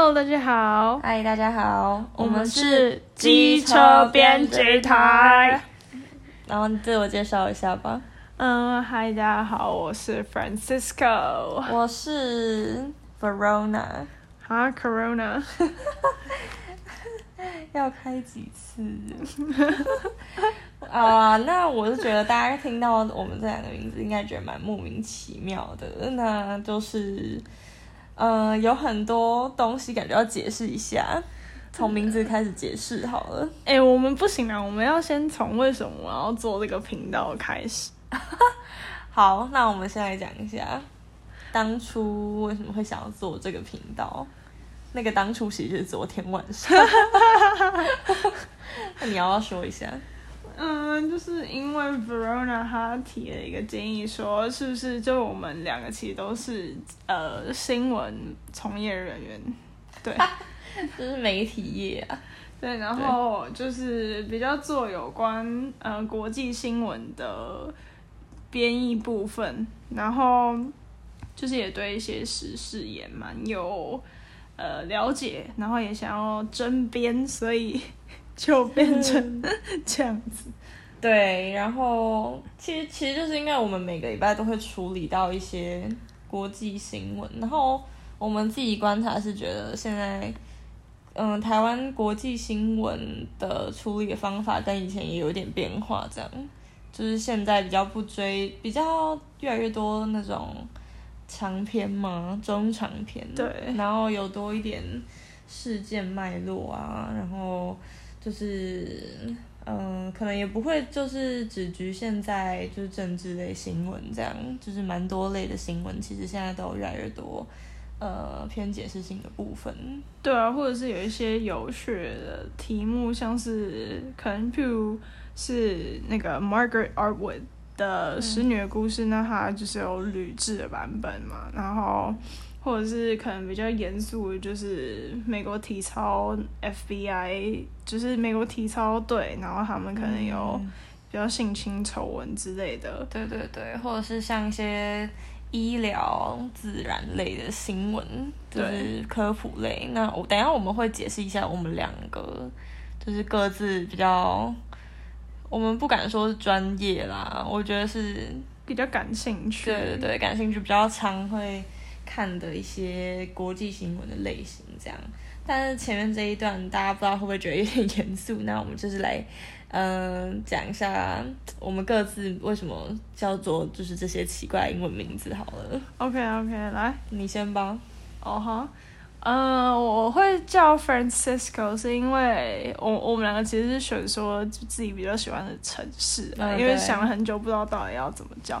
Hello，大家好。Hi，大家好。我們是機車編輯台。輯台然後你自我介紹一下吧。嗯、uh, Hi，大家好，我是 Francisco。我是、Verona huh? Corona。哈，Corona。要開幾次？啊、 uh,，那我是覺得大家聽到我們這兩個名字，應該覺得蠻莫名其妙的。那就是。呃，有很多東西感覺要解釋一下，從名字開始解釋好了。哎、欸，我們不行啊，我們要先從為什麼我要做這個頻道開始。 好，那我們先來講一下，當初為什麼會想要做這個頻道。那個當初其實是昨天晚上， 那你要不要說一下？嗯，就是因為 Verona 她提了一個建議，說是不是就我們兩個其實都是呃新聞從業人員，對，就是媒體業啊，對，然後就是比較做有關呃國際新聞的編譯部分，然後就是也對一些時事也蠻有呃了解，然後也想要爭編，所以就變成這樣子。對，然後其實其實就是，因為我們每個禮拜都會處理到一些國際新聞，然後我們自己觀察是覺得現在，嗯，台灣國際新聞的處理的方法跟以前也有點變化，這樣，就是現在比較不追，比較越來越多那種長篇嘛，中長篇，對，然後有多一點事件脈絡啊，然後就是。嗯、呃，可能也不會，就是只侷限在就是政治類新聞這樣，就是蠻多類的新聞，其實現在都越來越多，呃，偏解釋性的部分。對啊，或者是有一些有趣的題目，像是可能譬如是那個 Margaret Atwood 的《使女的故事》那、嗯、它就是有錄製的版本嘛，然後。或者是可能比較嚴肅的，就是美國體操 FBI，就是美國體操隊，然後他們可能有比較性侵醜聞之類的、嗯。對對對，或者是像一些醫療自然類的新聞，就是科普類。那我等一下我們會解釋一下，我們兩個就是各自比較，我們不敢說是專業啦，我覺得是比較感興趣。對對對，感興趣比較常會。看的一些國際新聞的類型這樣，但是前面這一段大家不知道會不會覺得有點嚴肅？那我們就是來，嗯，講一下我們各自為什麼叫做就是這些奇怪的英文名字好了。OK OK，來你先吧。哦哈，嗯，我會叫 Francisco 是因為我我們兩個其實是選說自己比較喜歡的城市啊，uh, 因為想了很久，不知道到底要怎麼叫。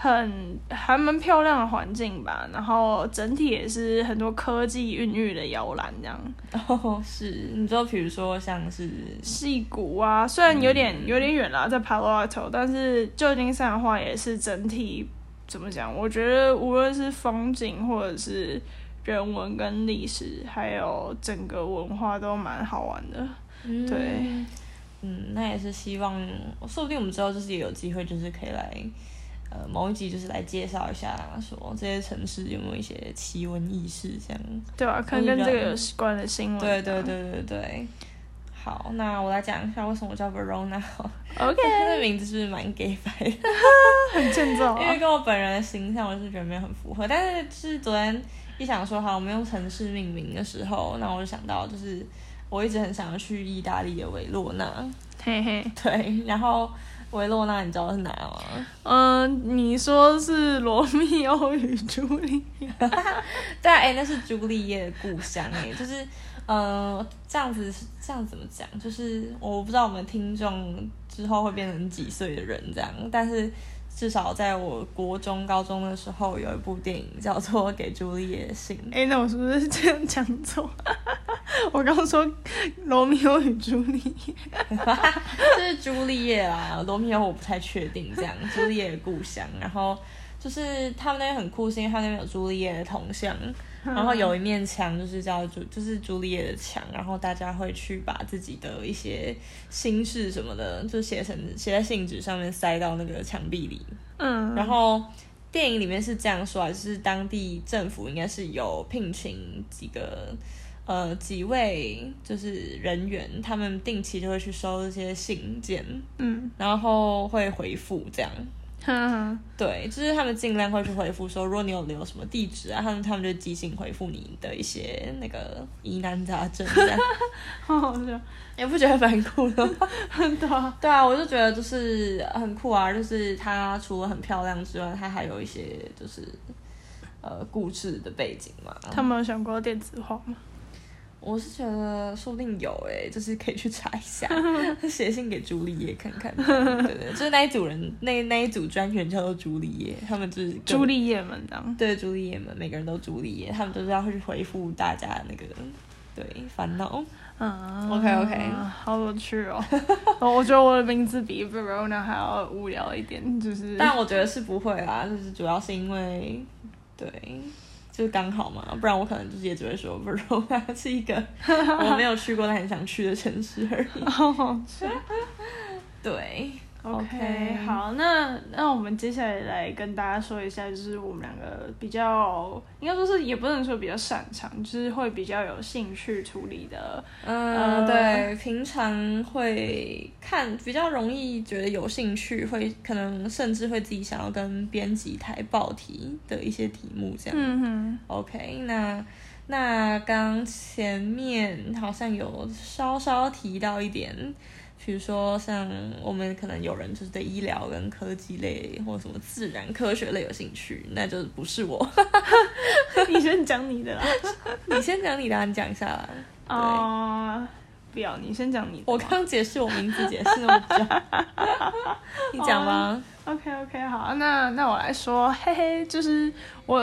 很還蠻漂亮的環境吧，然後整體也是很多科技孕育的搖籃這樣、哦。是，你知道，比如說像是矽谷啊，雖然有點、嗯、有點遠啦、啊，在 Palo Alto，但是舊金山的話，也是整體怎麼講？我覺得無論是風景，或者是人文跟歷史，還有整個文化都蠻好玩的、嗯。對，嗯，那也是希望，說不定我們之後就是也有機會，就是可以來。呃，某一集就是來介紹一下，說這些城市有沒有一些奇聞異事這樣，對啊，可能跟這個有關的新聞啊。對,對對對對對。好，那我來講一下為什麼我叫 Verona。OK，這名字是蠻給掰的哈很正宗， 因為跟我本人的形象我是覺得沒有很符合。但是就是昨天一想說，好，我們用城市命名的時候，那我就想到，就是我一直很想要去意大利的維羅納。嘿嘿，對，然後。薇洛娜，你知道是哪嗎？嗯、呃，你說是《羅密歐與朱麗葉》，但哎，那是朱麗葉的故鄉哎、欸，就是，嗯、呃，這樣子，這樣子怎麼講？就是我不知道我們聽眾之後會變成幾歲的人這樣，但是。至少在我國中高中的時候，有一部電影叫做《給朱麗葉的信》欸。哎，那我是不是這樣講錯？ 我剛說《羅密歐與朱麗葉》，是朱麗葉啦。羅密歐我不太確定。這樣， 朱麗葉的故鄉，然後就是他們那邊很酷，是因為他們那邊有朱麗葉的銅像。然後有一面牆就，就是叫朱，就是朱麗葉的牆。然後大家會去把自己的一些心事什麼的，就寫成寫在信紙上面，塞到那個牆壁裡。嗯。然後電影裡面是這樣說啊，就是當地政府應該是有聘請幾個呃幾位就是人員，他們定期就會去收這些信件，嗯，然後會回覆這樣。呵呵對，就是他們儘量會去回復說，如果你有留什麼地址啊，他們他們就即興回復你的一些那個疑難雜症，這樣 好好笑，也不覺得反酷了，很多，對啊，我就覺得就是很酷啊，就是她除了很漂亮之外，她還有一些就是呃故事的背景嘛。他們有想過電子化嗎？我是覺得說不定有哎，就是可以去查一下，寫 信給朱麗葉看看，對 對？就是那一組人，那那一組專員叫做朱麗葉，他們就是朱麗葉們這樣。對，朱麗葉們，每個人都朱麗葉，他們都是要去回復大家的那個對煩惱。嗯、uh,，OK OK，uh, 好有趣哦。 我覺得我的名字比 Verona 還要無聊一點，就是。但我覺得是不會啦，就是主要是因為對。就剛好嘛，不然我可能就也只會說，Verona 是一個我沒有去過但很想去的城市而已。 對。Okay, OK，好，那那我們接下來來跟大家說一下，就是我們兩個比較應該說是也不能說比較擅長，就是會比較有興趣處理的，嗯，嗯對，平常會看比較容易覺得有興趣，會可能甚至會自己想要跟編輯台報題的一些題目這樣。嗯哼，OK，那那剛前面好像有稍稍提到一點。比如說，像我們可能有人就是對醫療跟科技類，或什麼自然科學類有興趣，那就不是我。 你先講你的啦 你先講你的啦，你先講你的，你講一下啦。啊，uh, 不要，你先講你的。我剛解釋我名字解釋那麼久 你講嗎？uh,OK OK，好，那那我來說，嘿嘿，就是我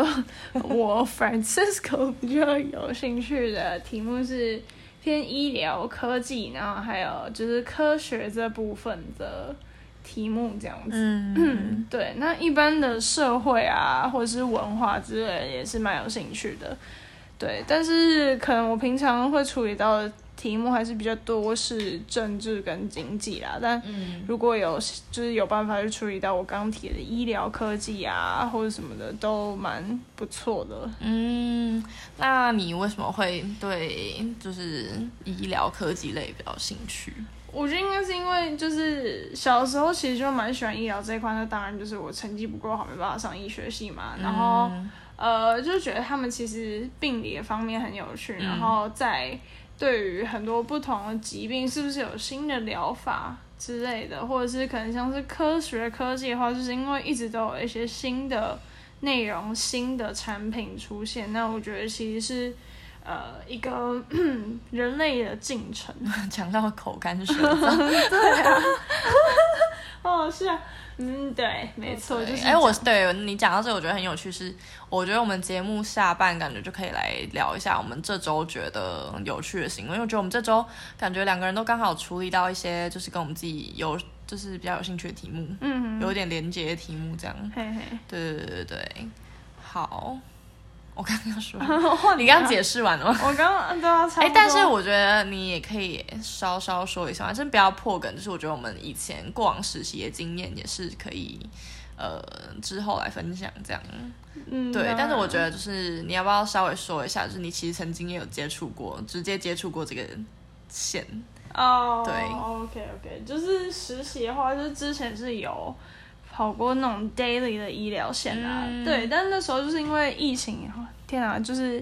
我 Francisco 比較有興趣的題目是。偏醫療科技，然後還有就是科學這部分的題目這樣子。嗯， 對。那一般的社會啊，或者是文化之類，也是蠻有興趣的。對，但是可能我平常會處理到，題目還是比較多，是政治跟經濟啦。但如果有、嗯、就是有辦法去處理到我剛提的醫療科技啊，或者什麼的，都蠻不錯的。嗯，那你為什麼會對就是醫療科技類比較興趣？我覺得應該是因為就是小時候其實就蠻喜歡醫療這一塊，那當然就是我成績不夠好，沒辦法上醫學系嘛。然後、嗯、呃，就覺得他們其實病理的方面很有趣，嗯、然後在。對於很多不同的疾病，是不是有新的療法之類的，或者是可能像是科學科技的話，就是因為一直都有一些新的內容、新的產品出現。那我覺得其實是呃一個人類的進程，講到口乾舌燥， 對啊，哦， 是啊。嗯，對，沒錯，就是哎，我對你講到這，我覺得很有趣。是，我覺得我們節目下半感覺就可以來聊一下我們這周覺得有趣的新聞，因為我覺得我們這周感覺兩個人都剛好處理到一些，就是跟我們自己有，就是比較有興趣的題目，嗯，有一點連接的題目，這樣，嘿嘿，對對對對對，好。我剛剛說， 你剛剛解釋完了嗎？我剛對啊，哎，但是我覺得你也可以稍稍說一下，反正不要破梗。就是我覺得我們以前過往實習的經驗也是可以，呃，之後來分享這樣。嗯，對。但是我覺得就是你要不要稍微說一下，就是你其實曾經也有接觸過，直接接觸過這個線哦。Oh, 對，OK OK，就是實習的話，就是之前是有。跑過那種 daily 的醫療線啊，嗯，對，但那時候就是因為疫情，天啊，就是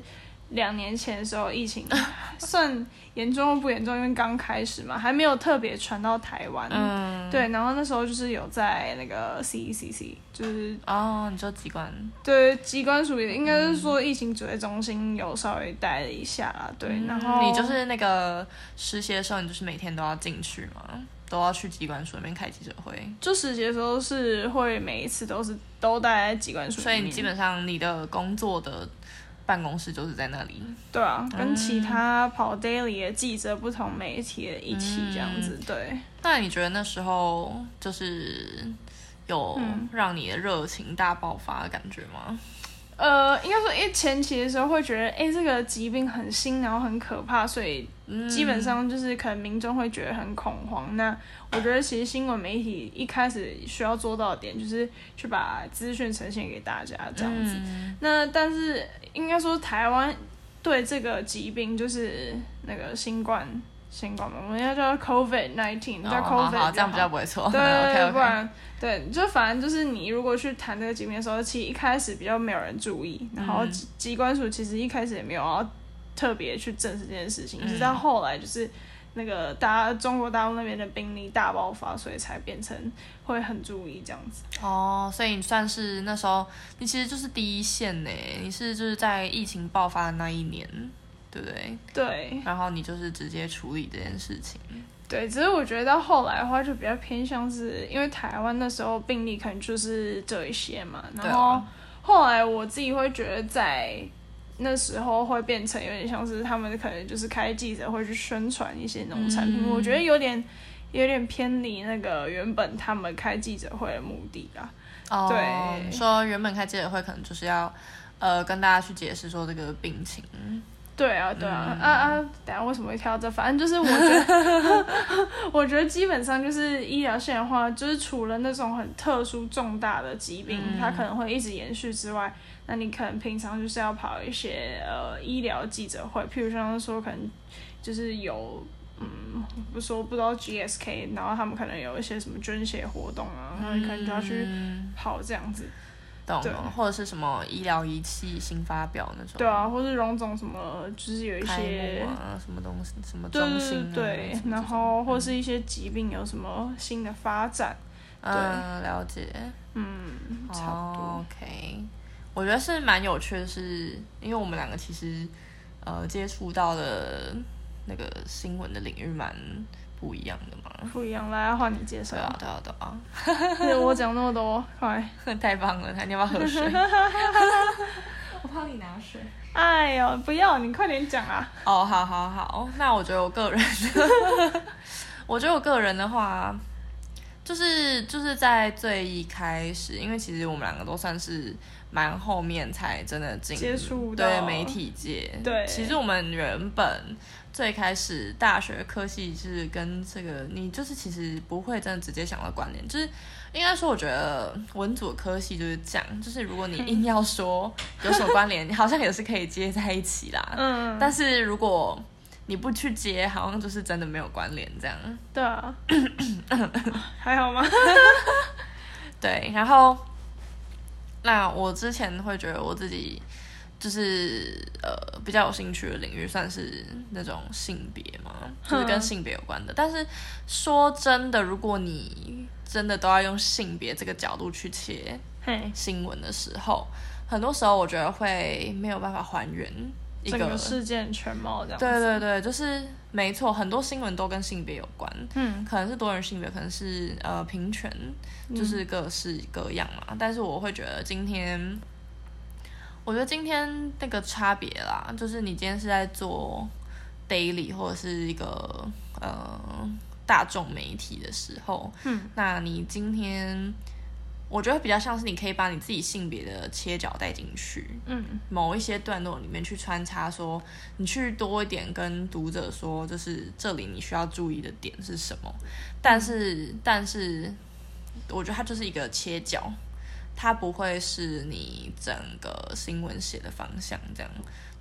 兩年前的時候疫情 算嚴重不嚴重？因為剛開始嘛，還沒有特別傳到台灣，嗯，對。然後那時候就是有在那個 CECC，e 就是哦，你說機關？對，機關屬於應該是說疫情指揮中心有稍微待了一下，啊嗯，對。然後你就是那個實習的時候，你就是每天都要進去嘛都要去疾管署那邊開記者會，就實習的時候是會每一次都是都待在疾管署，所以你基本上你的工作的辦公室就是在那裡。對啊、嗯，跟其他跑 daily 的記者、不同媒體的一起這樣子。嗯、對。那你覺得那時候就是有讓你的熱情大爆發的感覺嗎？嗯、呃，應該說，因為前期的時候會覺得，哎、欸，這個疾病很新，然後很可怕，所以。基本上就是可能民眾會覺得很恐慌。那我覺得其實新聞媒體一開始需要做到點，就是去把資訊呈現給大家這樣子。嗯、那但是應該說，台灣對這個疾病就是那個新冠，新冠嘛，我們要叫 COVID-19，叫 COVID-19，哦、好好，這樣比較不會錯。對，okay, okay. 不然對，就反正就是你如果去談這個疾病的時候，其實一開始比較沒有人注意，然後疾、嗯、疾管署其實一開始也沒有要特別去證實這件事情，一直、嗯、到後來就是那個大中國大陸那邊的病例大爆發，所以才變成會很注意這樣子。哦，所以你算是那時候，你其實就是第一線呢，你是就是在疫情爆發的那一年，對不對？對。然後你就是直接處理這件事情。對，只是我覺得到後來的話，就比較偏向是因為台灣那時候病例可能就是這一些嘛，然後後來我自己會覺得在。那時候會變成有點像是他們可能就是開記者會去宣傳一些農產品、嗯，我覺得有點有點偏離那個原本他們開記者會的目的啊。哦，對，說原本開記者會可能就是要呃跟大家去解釋說這個病情。對啊，對啊、嗯，啊啊，等下為什麼會挑這？反正就是我覺得 我覺得基本上就是醫療線的話就是除了那種很特殊重大的疾病，嗯、它可能會一直延續之外。那你可能平常就是要跑一些呃醫療記者會，譬如像是說可能就是有嗯，不說不知道 GSK，然後他們可能有一些什麼捐血活動啊、嗯，然後你可能就要去跑這樣子，懂嗎？或者是什麼醫療儀器新發表那種。對啊，或是榮總什麼，就是有一些開幕啊，什麼東西，什麼中心、啊。對對，對，對、啊，然後，然後、嗯、或者是一些疾病有什麼新的發展，對，嗯、了解，嗯，好差不多，OK。我覺得是蠻有趣的是，是因為我們兩個其實呃接觸到的那個新聞的領域蠻不一樣的嘛。不一樣的，來換你介紹。對啊，對啊，對啊。我講那麼多，快、啊！ 太棒了！你要不要喝水？ 我幫你拿水。哎呦，不要！你快點講啊！哦、oh，好好好，那我覺得我個人， 我覺得我個人的話，就是就是在最一開始，因為其實我們兩個都算是。蠻後面才真的進，接觸到，對媒體界，對，其實我們原本，最開始大學科系是跟這個，你就是其實不會真的直接想到關聯，就是應該說，我覺得文組科系就是這樣，就是如果你硬要說有所關聯， 好像也是可以接在一起啦。嗯，但是如果你不去接，好像就是真的沒有關聯這樣。對啊， 還好嗎？ 對，然後。那我之前會覺得我自己就是呃比較有興趣的領域，算是那種性別嘛，huh. 就是跟性別有關的。但是說真的，如果你真的都要用性別這個角度去切新聞的時候，hey. 很多時候我覺得會沒有辦法還原。整個事件全貌這樣。對對對，就是沒錯，很多新聞都跟性別有關，嗯，可能是多元性別，可能是呃平權，嗯，就是各式各樣嘛。但是我會覺得今天，我覺得今天那個差別啦，就是你今天是在做 daily 或者是一個呃大眾媒體的時候，嗯，那你今天。我覺得比較像是你可以把你自己性別的切角帶進去，嗯，某一些段落裡面去穿插，說你去多一點跟讀者說，就是這裡你需要注意的點是什麼。但是，但是，我覺得它就是一個切角，它不會是你整個新聞寫的方向這樣。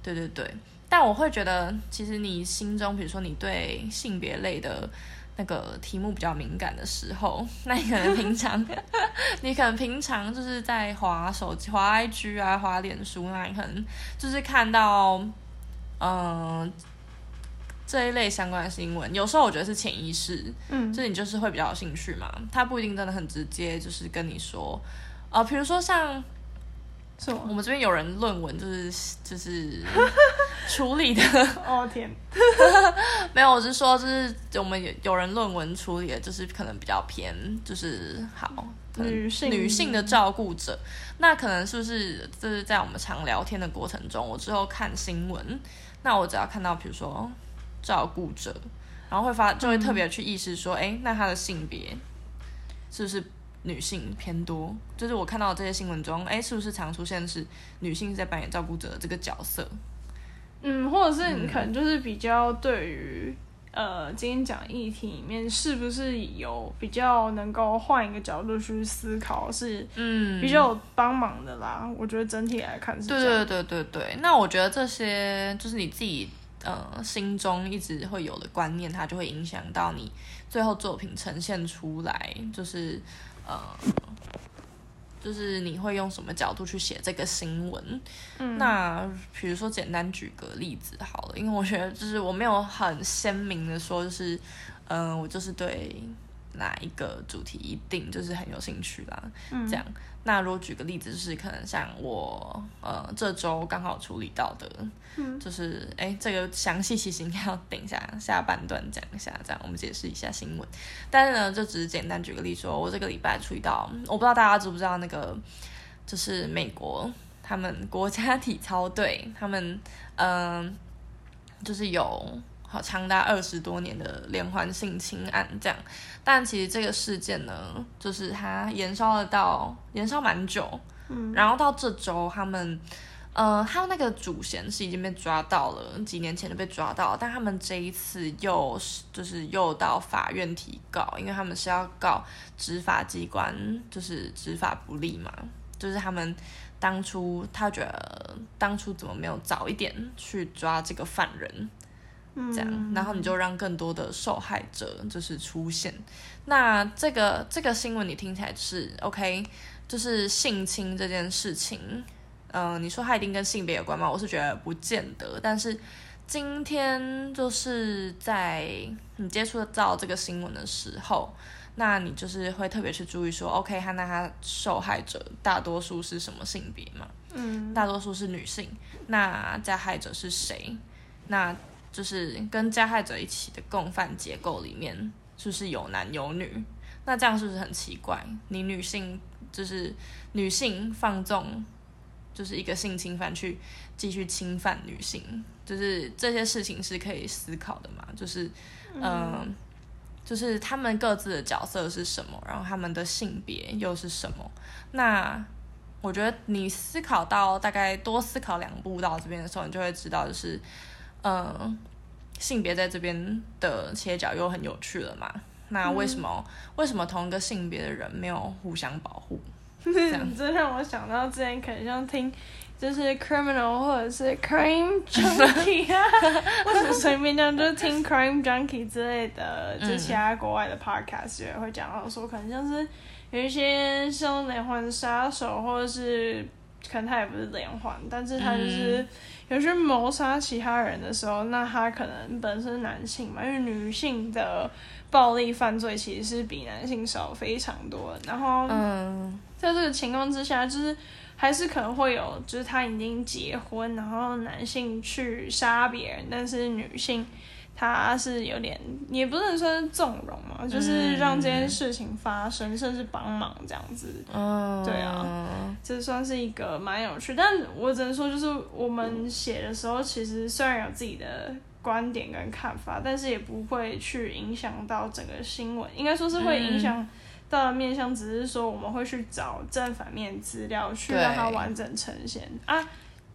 對對對，但我會覺得，其實你心中，比如說你對性別類的。那個題目比較敏感的時候，那你可能平常， 你可能平常就是在滑手機、滑 IG 啊、滑臉書，那你可能就是看到，嗯、呃，這一類相關的新聞。有時候我覺得是潛意識，嗯，就你就是會比較有興趣嘛，他不一定真的很直接，就是跟你說，呃，比如說像。我，我們這邊有人論文就是就是處理的。哦天，沒有，我是說就是我們有有人論文處理的，就是可能比較偏，就是好女性女性的照顧者，那可能是不是就是在我們常聊天的過程中，我之後看新聞，那我只要看到比如說照顧者，然後會發就會特別去意識說，哎、欸，那他的性別是不是？女性偏多，就是我看到這些新聞中，哎、欸，是不是常出現是女性在扮演照顧者的這個角色？嗯，或者是你可能就是比較對於、嗯、呃今天講議題裡面，是不是有比較能夠換一個角度去思考，是嗯比較有幫忙的啦、嗯？我覺得整體來看是對對對對對。那我覺得這些就是你自己呃心中一直會有的觀念，它就會影響到你最後作品呈現出來，就是。呃，uh，就是你會用什麼角度去寫這個新聞？嗯，那比如說，簡單舉個例子好了，因為我覺得就是我沒有很鮮明的說，就是，嗯，uh，我就是對。哪一個主題一定就是很有興趣啦？嗯、這樣，那如果舉個例子，就是可能像我呃，這周剛好處理到的，嗯、就是哎，這個詳細其實應該要等一下下半段講一下，這樣我們解釋一下新聞。但是呢，就只是簡單舉個例子說，說我這個禮拜處理到，嗯，我不知道大家知不知道那個，就是美國他們國家體操隊，他們呃，就是有好長達二十多年的連環性侵案，這樣。但其實這個事件呢，就是他延燒了到延燒蠻久，嗯，然後到這周他們，呃，他們那個主嫌是已經被抓到了，幾年前就被抓到了，但他們這一次又就是又到法院提告，因為他們是要告執法機關，就是執法不力嘛，就是他們當初他覺得當初怎麼沒有早一點去抓這個犯人。這樣，然後你就讓更多的受害者就是出現。嗯、那這個這個新聞你聽起來是 OK，就是性侵這件事情，嗯、呃，你說它一定跟性別有關嗎？我是覺得不見得。但是今天就是在你接觸到這個新聞的時候，那你就是會特別去注意說，OK，他那他受害者大多數是什麼性別嘛？嗯，大多數是女性。那加害者是誰？那就是跟加害者一起的共犯結構裡面，就是有男有女。那這樣是不是很奇怪？你女性就是女性放縱，就是一個性侵犯去繼續侵犯女性，就是這些事情是可以思考的嘛？就是嗯、呃，就是他們各自的角色是什麼，然後他們的性別又是什麼。那我覺得你思考到大概多思考兩步到這邊的時候，你就會知道，就是。嗯、呃，性別在這邊的切角又很有趣了嘛？那為什麼、嗯、為什麼同一個性別的人沒有互相保護？你這讓我想到之前可能像聽就是 criminal 或者是 crime junkie，或者隨便講就聽 crime junkie 之類的，就、嗯、其他國外的 podcast 也會講到說，可能像是有一些像連環殺手，或者是可能他也不是連環，但是他就是。嗯有去謀殺其他人的時候，那他可能本身男性嘛，因為女性的暴力犯罪其實是比男性少非常多。然後，在這個情況之下，就是還是可能會有，就是他已經結婚，然後男性去殺別人，但是女性。他是有點，也不能算是縱容嘛、嗯，就是讓這件事情發生，嗯、甚至幫忙這樣子。嗯、哦，對啊，這算是一個蠻有趣。但我只能說，就是我們寫的時候，其實雖然有自己的觀點跟看法，但是也不會去影響到整個新聞，應該說是會影響到的面向、嗯，只是說我們會去找正反面資料，去讓它完整呈現啊，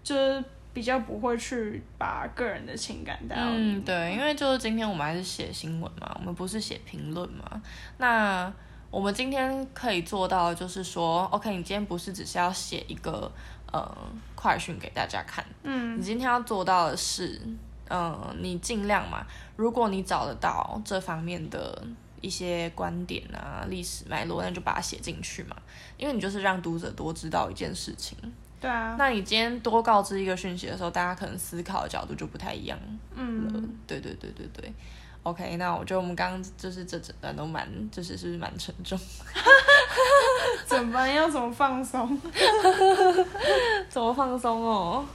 就是。比較不會去把個人的情感帶入。嗯，對，因為就是今天我們還是寫新聞嘛，我們不是寫評論嘛。那我們今天可以做到的，就是說，OK，你今天不是只是要寫一個呃快訊給大家看，嗯，你今天要做到的是，嗯、呃，你盡量嘛，如果你找得到這方面的一些觀點啊、歷史脈絡，那就把它寫進去嘛，因為你就是讓讀者多知道一件事情。對啊，那你今天多告知一個訊息的時候，大家可能思考的角度就不太一樣。嗯，對對對對對。OK，那我覺得我們剛剛就是這整段都蠻，就是是不是蠻沉重？ 怎麼辦？要怎麼放鬆？ 怎麼放鬆哦？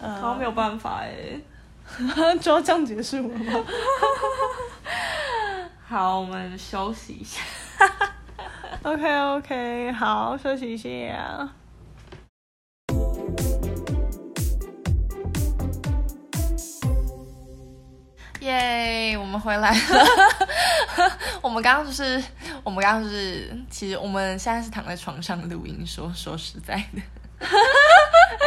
嗯、好像沒有辦法哎， 就要這樣結束了嗎？ 好，我們休息一下。 OK OK，好，休息一下。耶，我們回來了。 我們剛剛就是，我們剛剛就是，其實我們現在是躺在床上錄音說。說說實在的，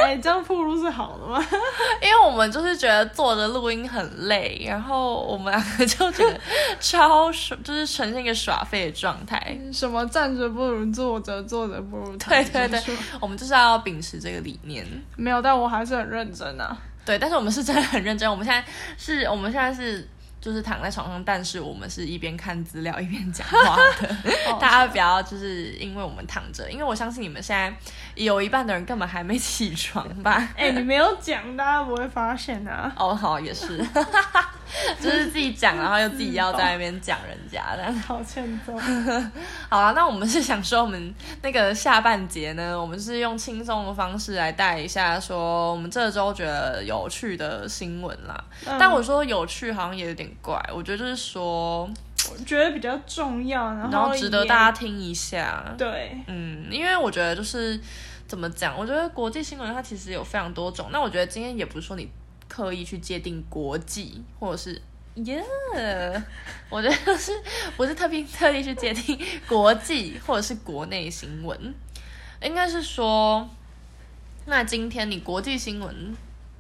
哎、 欸，這樣鋪路是好的嗎？ 因為我們就是覺得坐着錄音很累，然後我們兩個就覺得超爽 就是呈現一個耍廢的狀態。什麼站着不如坐着，坐着不如躺着。對對對，我們就是要秉持這個理念。沒有，但我還是很認真啊。對，但是我們是真的很認真。我們現在是，我們現在是就是躺在床上，但是我們是一邊看資料一邊講話的、 哦。大家不要就是因為我們躺着，因為我相信你們現在有一半的人根本還沒起床吧？哎、欸，你沒有講，大家不會發現啊。哦，好，也是。 就是自己講，然後又自己要在那邊講人家這樣，的 好欠揍重。 好啊,那我們是想說，我們那個下半節呢，我們是用輕鬆的方式來帶一下，說我們這周覺得有趣的新聞啦、嗯。但我說有趣好像也有點怪，我覺得就是說，我覺得比較重要然，然後值得大家聽一下。對，嗯，因為我覺得就是怎麼講，我覺得國際新聞它其實有非常多種。那我覺得今天也不是說你。刻意去界定國際，或者是耶，yeah, 我覺、就、得是我是特別特意去界定國際或者是國內新聞，應該是說，那今天你國際新聞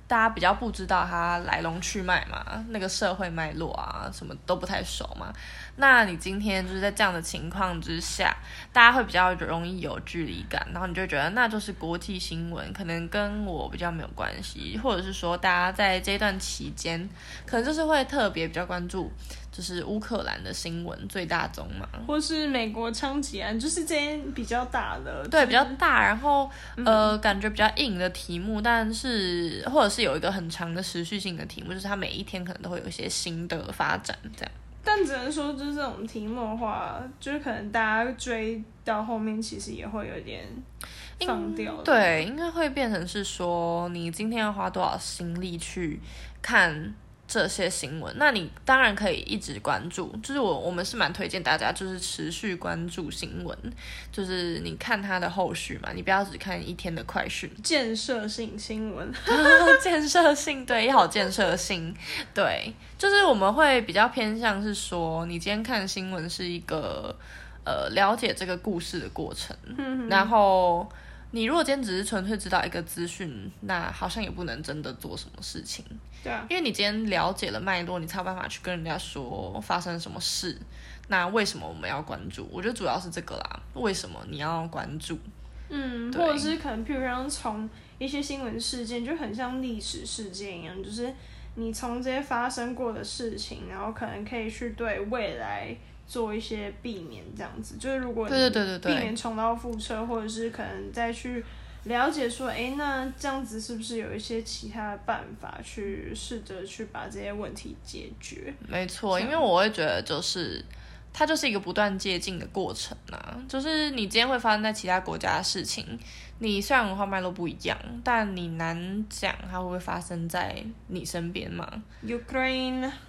大家比較不知道它來龍去脈嘛，那個社會脈絡啊，什麼都不太熟嘛。那你今天就是在這樣的情況之下，大家會比較容易有距離感，然後你就會覺得那就是國際新聞，可能跟我比較沒有關係，或者是說大家在這段期間，可能就是會特別比較關注，就是烏克蘭的新聞最大宗嘛，或是美國槍擊案，就是這些比較大的，對，比較大，然後、嗯、呃感覺比較硬的題目，但是或者是有一個很長的持續性的題目，就是它每一天可能都會有一些新的發展，這樣。但只能說，就是這種題目的話，就是可能大家追到後面，其實也會有點放掉。對，應該會變成是說，你今天要花多少心力去看。這些新聞，那你當然可以一直關注。就是我，我們是蠻推薦大家，就是持續關注新聞，就是你看它的後續嘛。你不要只看一天的快訊。建設性新聞， 建設性，對，也好建設性 對。就是我們會比較偏向是說，你今天看新聞是一個呃了解這個故事的過程。 然後你如果今天只是純粹知道一個資訊，那好像也不能真的做什麼事情。因為你今天了解了脈絡，你才有辦法去跟人家說發生什麼事。那為什麼我們要關注？我覺得主要是這個啦。為什麼你要關注？嗯，或者是可能，譬如像從一些新聞事件，就很像歷史事件一樣，就是你從這些發生過的事情，然後可能可以去對未來做一些避免，這樣子。就是如果你對對對對避免重蹈覆轍，或者是可能再去。了解說，欸，那這樣子是不是有一些其他的辦法去試着去把這些問題解決？沒錯，因為我會覺得就是它就是一個不斷接近的過程吶，啊。就是你今天會發生在其他國家的事情，你雖然文化脈絡不一樣，但你難講它會不會發生在你身邊嘛？Ukraine，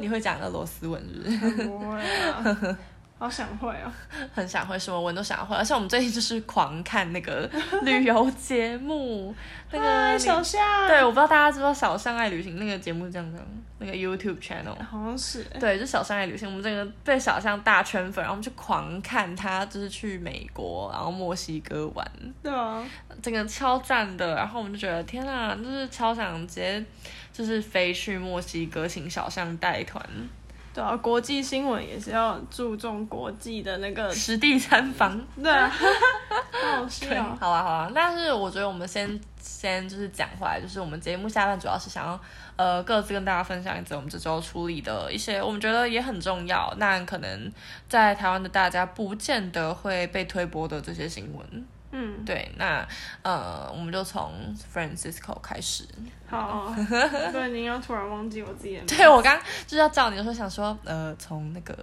你會講俄羅斯文是不是？不會啊。好想會哦、啊，很想會，什麼文都想會。而且我們最近就是狂看那個旅遊節目， 那個 Hi, 小象。對，我不知道大家知不知道小象愛旅行那個節目是這樣子，那個 YouTube channel。好像是、欸。對，就小象愛旅行，我們這個被小象大圈粉，然後我們就狂看他，就是去美國，然後墨西哥玩。對啊。整個超讚的，然後我們就覺得天啊，就是超想直接就是飛去墨西哥，請小象帶團。對啊，國際新聞也是要注重國際的那個實地採訪，嗯。對啊， 好笑。 好啦、啊、好啦、啊啊，但是我覺得我們先先就是講回來，就是我們節目下半主要是想要呃各自跟大家分享一則我們這週處理的一些，我們覺得也很重要，那可能在台灣的大家不見得會被推播的這些新聞。嗯，對，那呃，我們就從 Francisco 開始。好、哦，我已您要突然忘記我自己對我剛，剛就是要找你的時候想說，呃，從那個。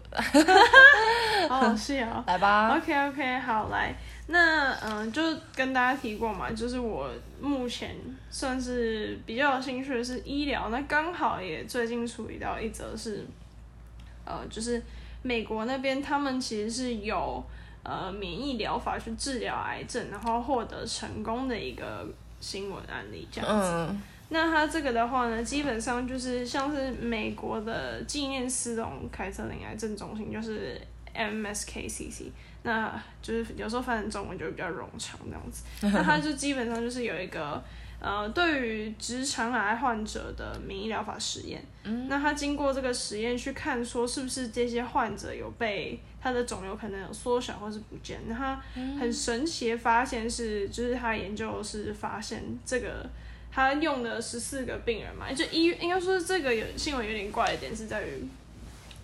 哦，是哦，來吧。OK OK，好，來，那嗯、呃，就跟大家提過嘛，就是我目前算是比較有興趣的是醫療，那剛好也最近處理到一則是，呃，就是美國那邊他們其實是有。呃，免疫療法去治療癌症，然後獲得成功的一個新聞案例這樣子。那它這個的話呢，基本上就是像是美國的紀念斯隆凱特琳癌症中心，就是 MSKCC，那就是有時候翻成中文就比較冗長這樣子。那它就基本上就是有一個。呃，對於直腸癌患者的免疫療法實驗，嗯、那他經過這個實驗去看，說是不是這些患者有被他的腫瘤可能有縮小或是不見。那他很神奇的發現是，就是他研究是發現這個，他用了十四個病人嘛，就醫院應該說這個有新聞有點怪一點是在於，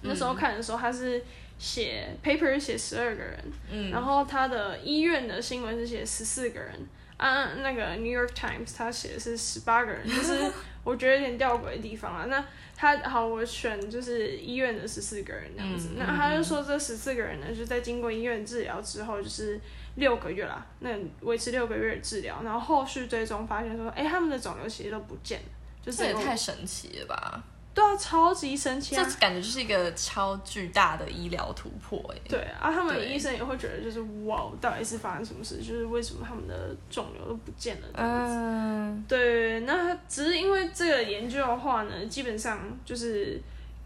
那時候看的時候他是寫、嗯、paper 寫十二個人、嗯，然後他的醫院的新聞是寫十四個人。啊、uh，那個《New York Times》他寫的是十八個人，就是我覺得有點吊詭的地方啊。 那他好，我選就是醫院的十四個人那樣子。嗯、那他就說這十四個人呢、嗯，就在經過醫院治療之後，就是六個月啦，那維持六個月的治療，然後後續追蹤發現說，哎、欸，他們的腫瘤其實都不見了，就是。這也太神奇了吧！對啊，超級神奇啊！這感覺就是一個超巨大的醫療突破，哎。對啊，他們醫生也會覺得，就是哇，到底是發生什麼事？就是為什麼他們的腫瘤都不見了？嗯，對。那只是因為這個研究的話呢，基本上就是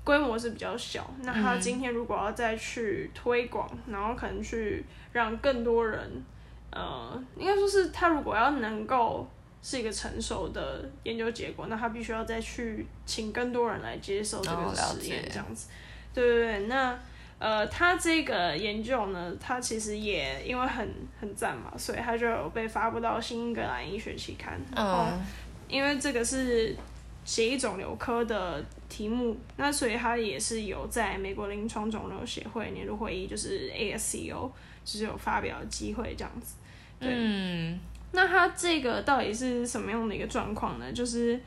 規模是比較小。那他今天如果要再去推廣，嗯，然後可能去讓更多人，呃，應該說是他如果要能夠。是一個成熟的研究結果，那他必須要再去請更多人來接受這個實驗這樣子。哦，對對對。那呃，他這個研究呢，他其實也因為很很讚嘛，所以他就有被發佈到《新英格蘭醫學期刊》然後，嗯、哦。因為這個是血液腫瘤科的題目，那所以他也是有在美國臨床腫瘤協會年度會議，就是 ASCO，就是有發表機會這樣子。對嗯。那它這個到底是什麼樣的一個狀況呢？就是，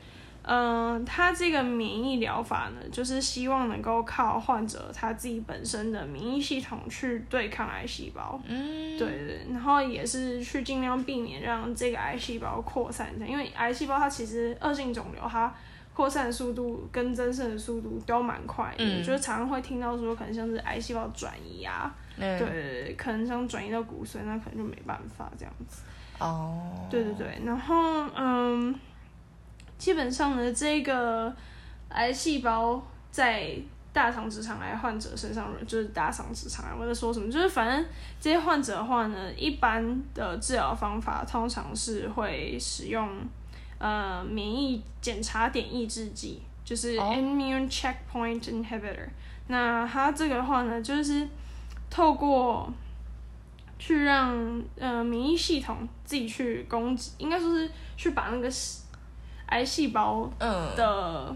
嗯、呃，它這個免疫療法呢，就是希望能夠靠患者他自己本身的免疫系統去對抗癌細胞，嗯，對，對對，然後也是去盡量避免讓這個癌細胞擴散，因為癌細胞它其實惡性腫瘤，它擴散速度跟增生的速度都蠻快的，嗯、就是常常會聽到說可能像是癌細胞轉移啊，嗯、對，對對，可能像轉移到骨髓，那可能就沒辦法這樣子。哦，對對對，oh. 然後嗯，基本上呢，這個癌細胞在大腸直腸癌患者身上，就是大腸直腸癌，我在說什麼，就是反正這些患者的話呢，一般的治療方法通常是會使用呃免疫檢查點抑制劑，就是 immune checkpoint inhibitor，oh.。那它這個的話呢，就是透過，去讓呃免疫系統自己去攻擊，應該說是去把那個癌細胞的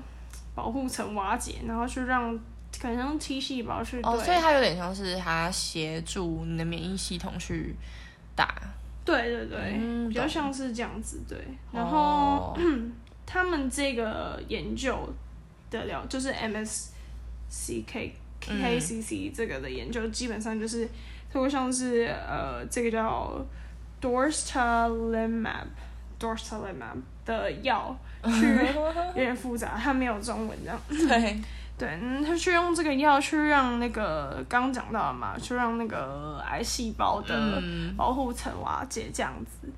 保護層瓦解、嗯，然後去讓可能 T 細胞去打。哦，所以它有點像是它協助你的免疫系統去打。對對對，嗯、比較像是這樣子對。然後、哦、他們這個研究的了，就是 MSCK KCC 這個的研究，基本上就是。它像是呃，這個叫 Dostarlimab Dostarlimab 的藥，去 有點複雜，它沒有中文這樣子。對，對、嗯，它去用這個藥去讓那個剛剛講到了嘛，去讓那個癌細胞的保護層瓦解這樣子。嗯嗯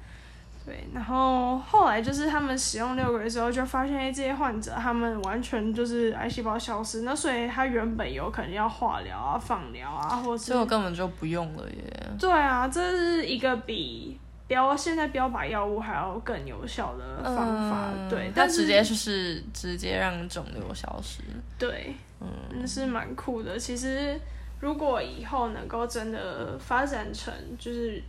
對，然後後來就是他們使用六個月之後，就發現這些患者他們完全就是癌細胞消失。那所以他原本有可能要化療啊、放療啊，或者所以我根本就不用了耶。對啊，這是一個比標現在標靶藥物還要更有效的方法。嗯、對，但他直接就是直接讓腫瘤消失。對，嗯，那是蠻酷的。其實如果以後能夠真的發展成，就是。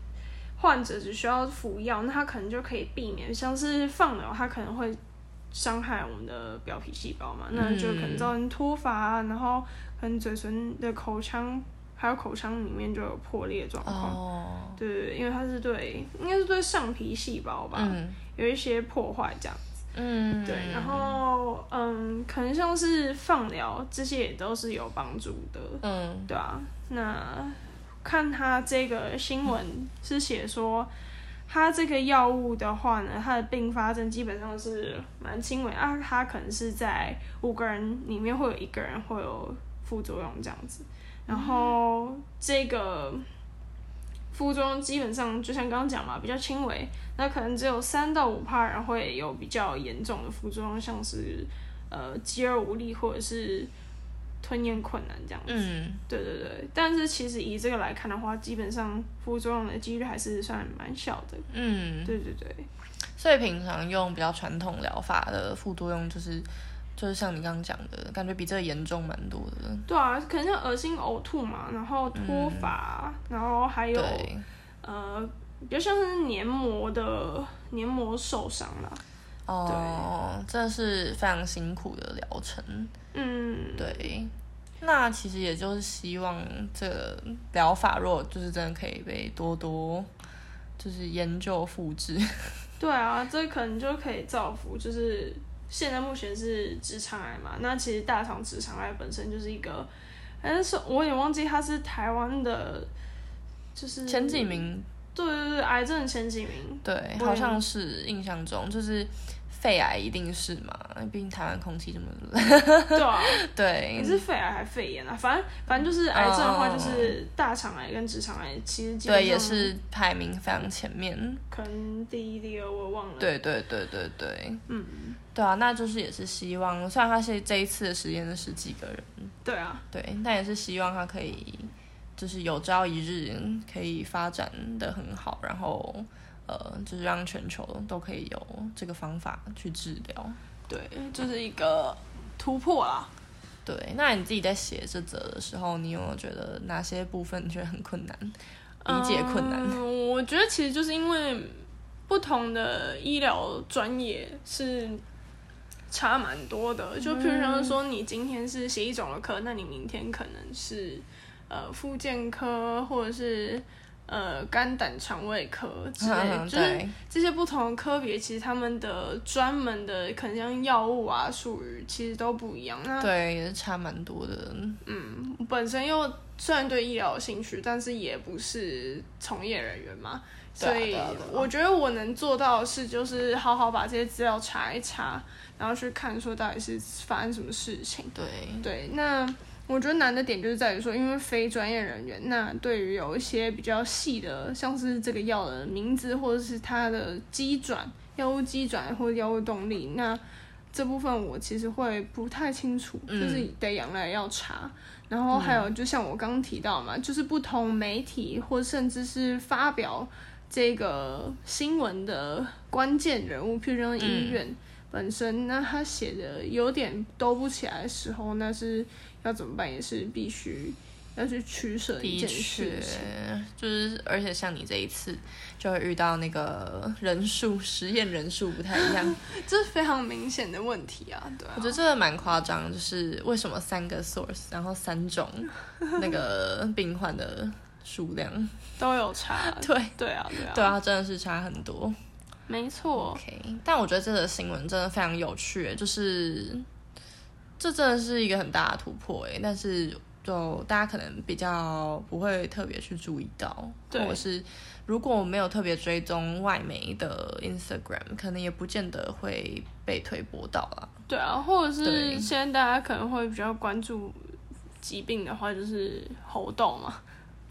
患者只需要服藥，那他可能就可以避免，像是放療，他可能會傷害我們的表皮細胞嘛，那就可能造成脫髮、啊嗯，然後可能嘴唇的口腔還有口腔裡面就有破裂狀況、哦。對，因為它是對，應該是對上皮細胞吧、嗯，有一些破壞這樣子。嗯，對。然後，嗯，可能像是放療這些也都是有幫助的。嗯，對啊，那看他這個新聞是寫說，他這個藥物的話呢，他的併發症基本上是蠻輕微啊，他可能是在五個人裡面會有一個人會有副作用這樣子，然後這個副作用基本上就像剛剛講嘛，比較輕微，那可能只有三到五趴人會有比較嚴重的副作用，像是呃肌肉無力或者是。吞嚥困難這樣子，嗯，對對對，但是其實以這個來看的話，基本上副作用的幾率還是算還蠻小的。嗯，對對對，所以平常用比較傳統療法的副作用，就是就是像你剛剛講的感覺，比這個嚴重蠻多的。對啊，可能就噁心、嘔吐嘛，然後脫髮，嗯，然後還有對呃，比較像是黏膜的黏膜受傷了。哦，對啊，這是非常辛苦的療程。嗯，對。那其實也就是希望這個療法，若就是真的可以被多多就是研究複製。對啊，這可能就可以造福。就是現在目前是直腸癌嘛？那其實大腸直腸癌本身就是一個，但是我也忘記它是台灣的，就是前幾名。對，對對對，癌症前幾名。對，好像是印象中就是。肺癌一定是嘛？畢竟台灣空氣這麼冷，對啊， 對。你是肺癌還是肺炎啊？反正反正就是癌症的話，就是大腸癌跟直腸癌，其實對也是排名非常前面。可能第一、第二，我忘了。對對對對對。嗯，對啊，那就是也是希望，雖然他是這一次的實驗的十幾個人，對啊，對，但也是希望他可以，就是有朝一日可以發展的很好，然後。呃，就是讓全球都可以有這個方法去治療，對，就是一個突破了啊， 對，那你自己在寫這則的時候，你有沒有覺得哪些部分覺得很困難？理解困難？Um, 我覺得其實就是因為不同的醫療專業是差蠻多的，就譬如像說，說，你今天是寫血液腫瘤科，那你明天可能是呃，復健科或者是。呃，肝膽腸胃科之類，就是對這些不同的科別，其實他們的專門的可能像藥物啊、術語，其實都不一樣。那對，也是差蠻多的。嗯，本身又雖然對醫療有興趣，但是也不是從業人員嘛，啊、所以、啊啊啊、我覺得我能做到的是，就是好好把這些資料查一查，然後去看說到底是發生什麼事情。對對，那。我覺得難的點就是在於說，因為非專業人員，那對於有一些比較細的，像是這個藥的名字，或者是它的機轉藥物機轉或者藥物動力，那這部分我其實會不太清楚，就是得仰賴要查、嗯。然後還有，就像我剛剛提到嘛、嗯，就是不同媒體或甚至是發表這個新聞的關鍵人物，譬如說醫院本身，嗯、那他寫的有點兜不起來的時候，那是。要怎麼辦也是必須要去取捨。的確，就是而且像你這一次就會遇到那個人數實驗人數不太一樣，這是非常明顯的問題啊！對啊，我覺得這個蠻誇張，就是為什麼三個 source 然後三種那個病患的數量都有差？對對啊對啊，對啊，真的是差很多，沒錯。OK，但我覺得這個新聞真的非常有趣，就是。這真的是一個很大的突破誒，但是就大家可能比較不會特別去注意到，對，或者是如果我沒有特別追蹤外媒的 Instagram，可能也不見得會被推播到啦。對啊，或者是現在大家可能會比較關注疾病的話，就是猴痘嘛。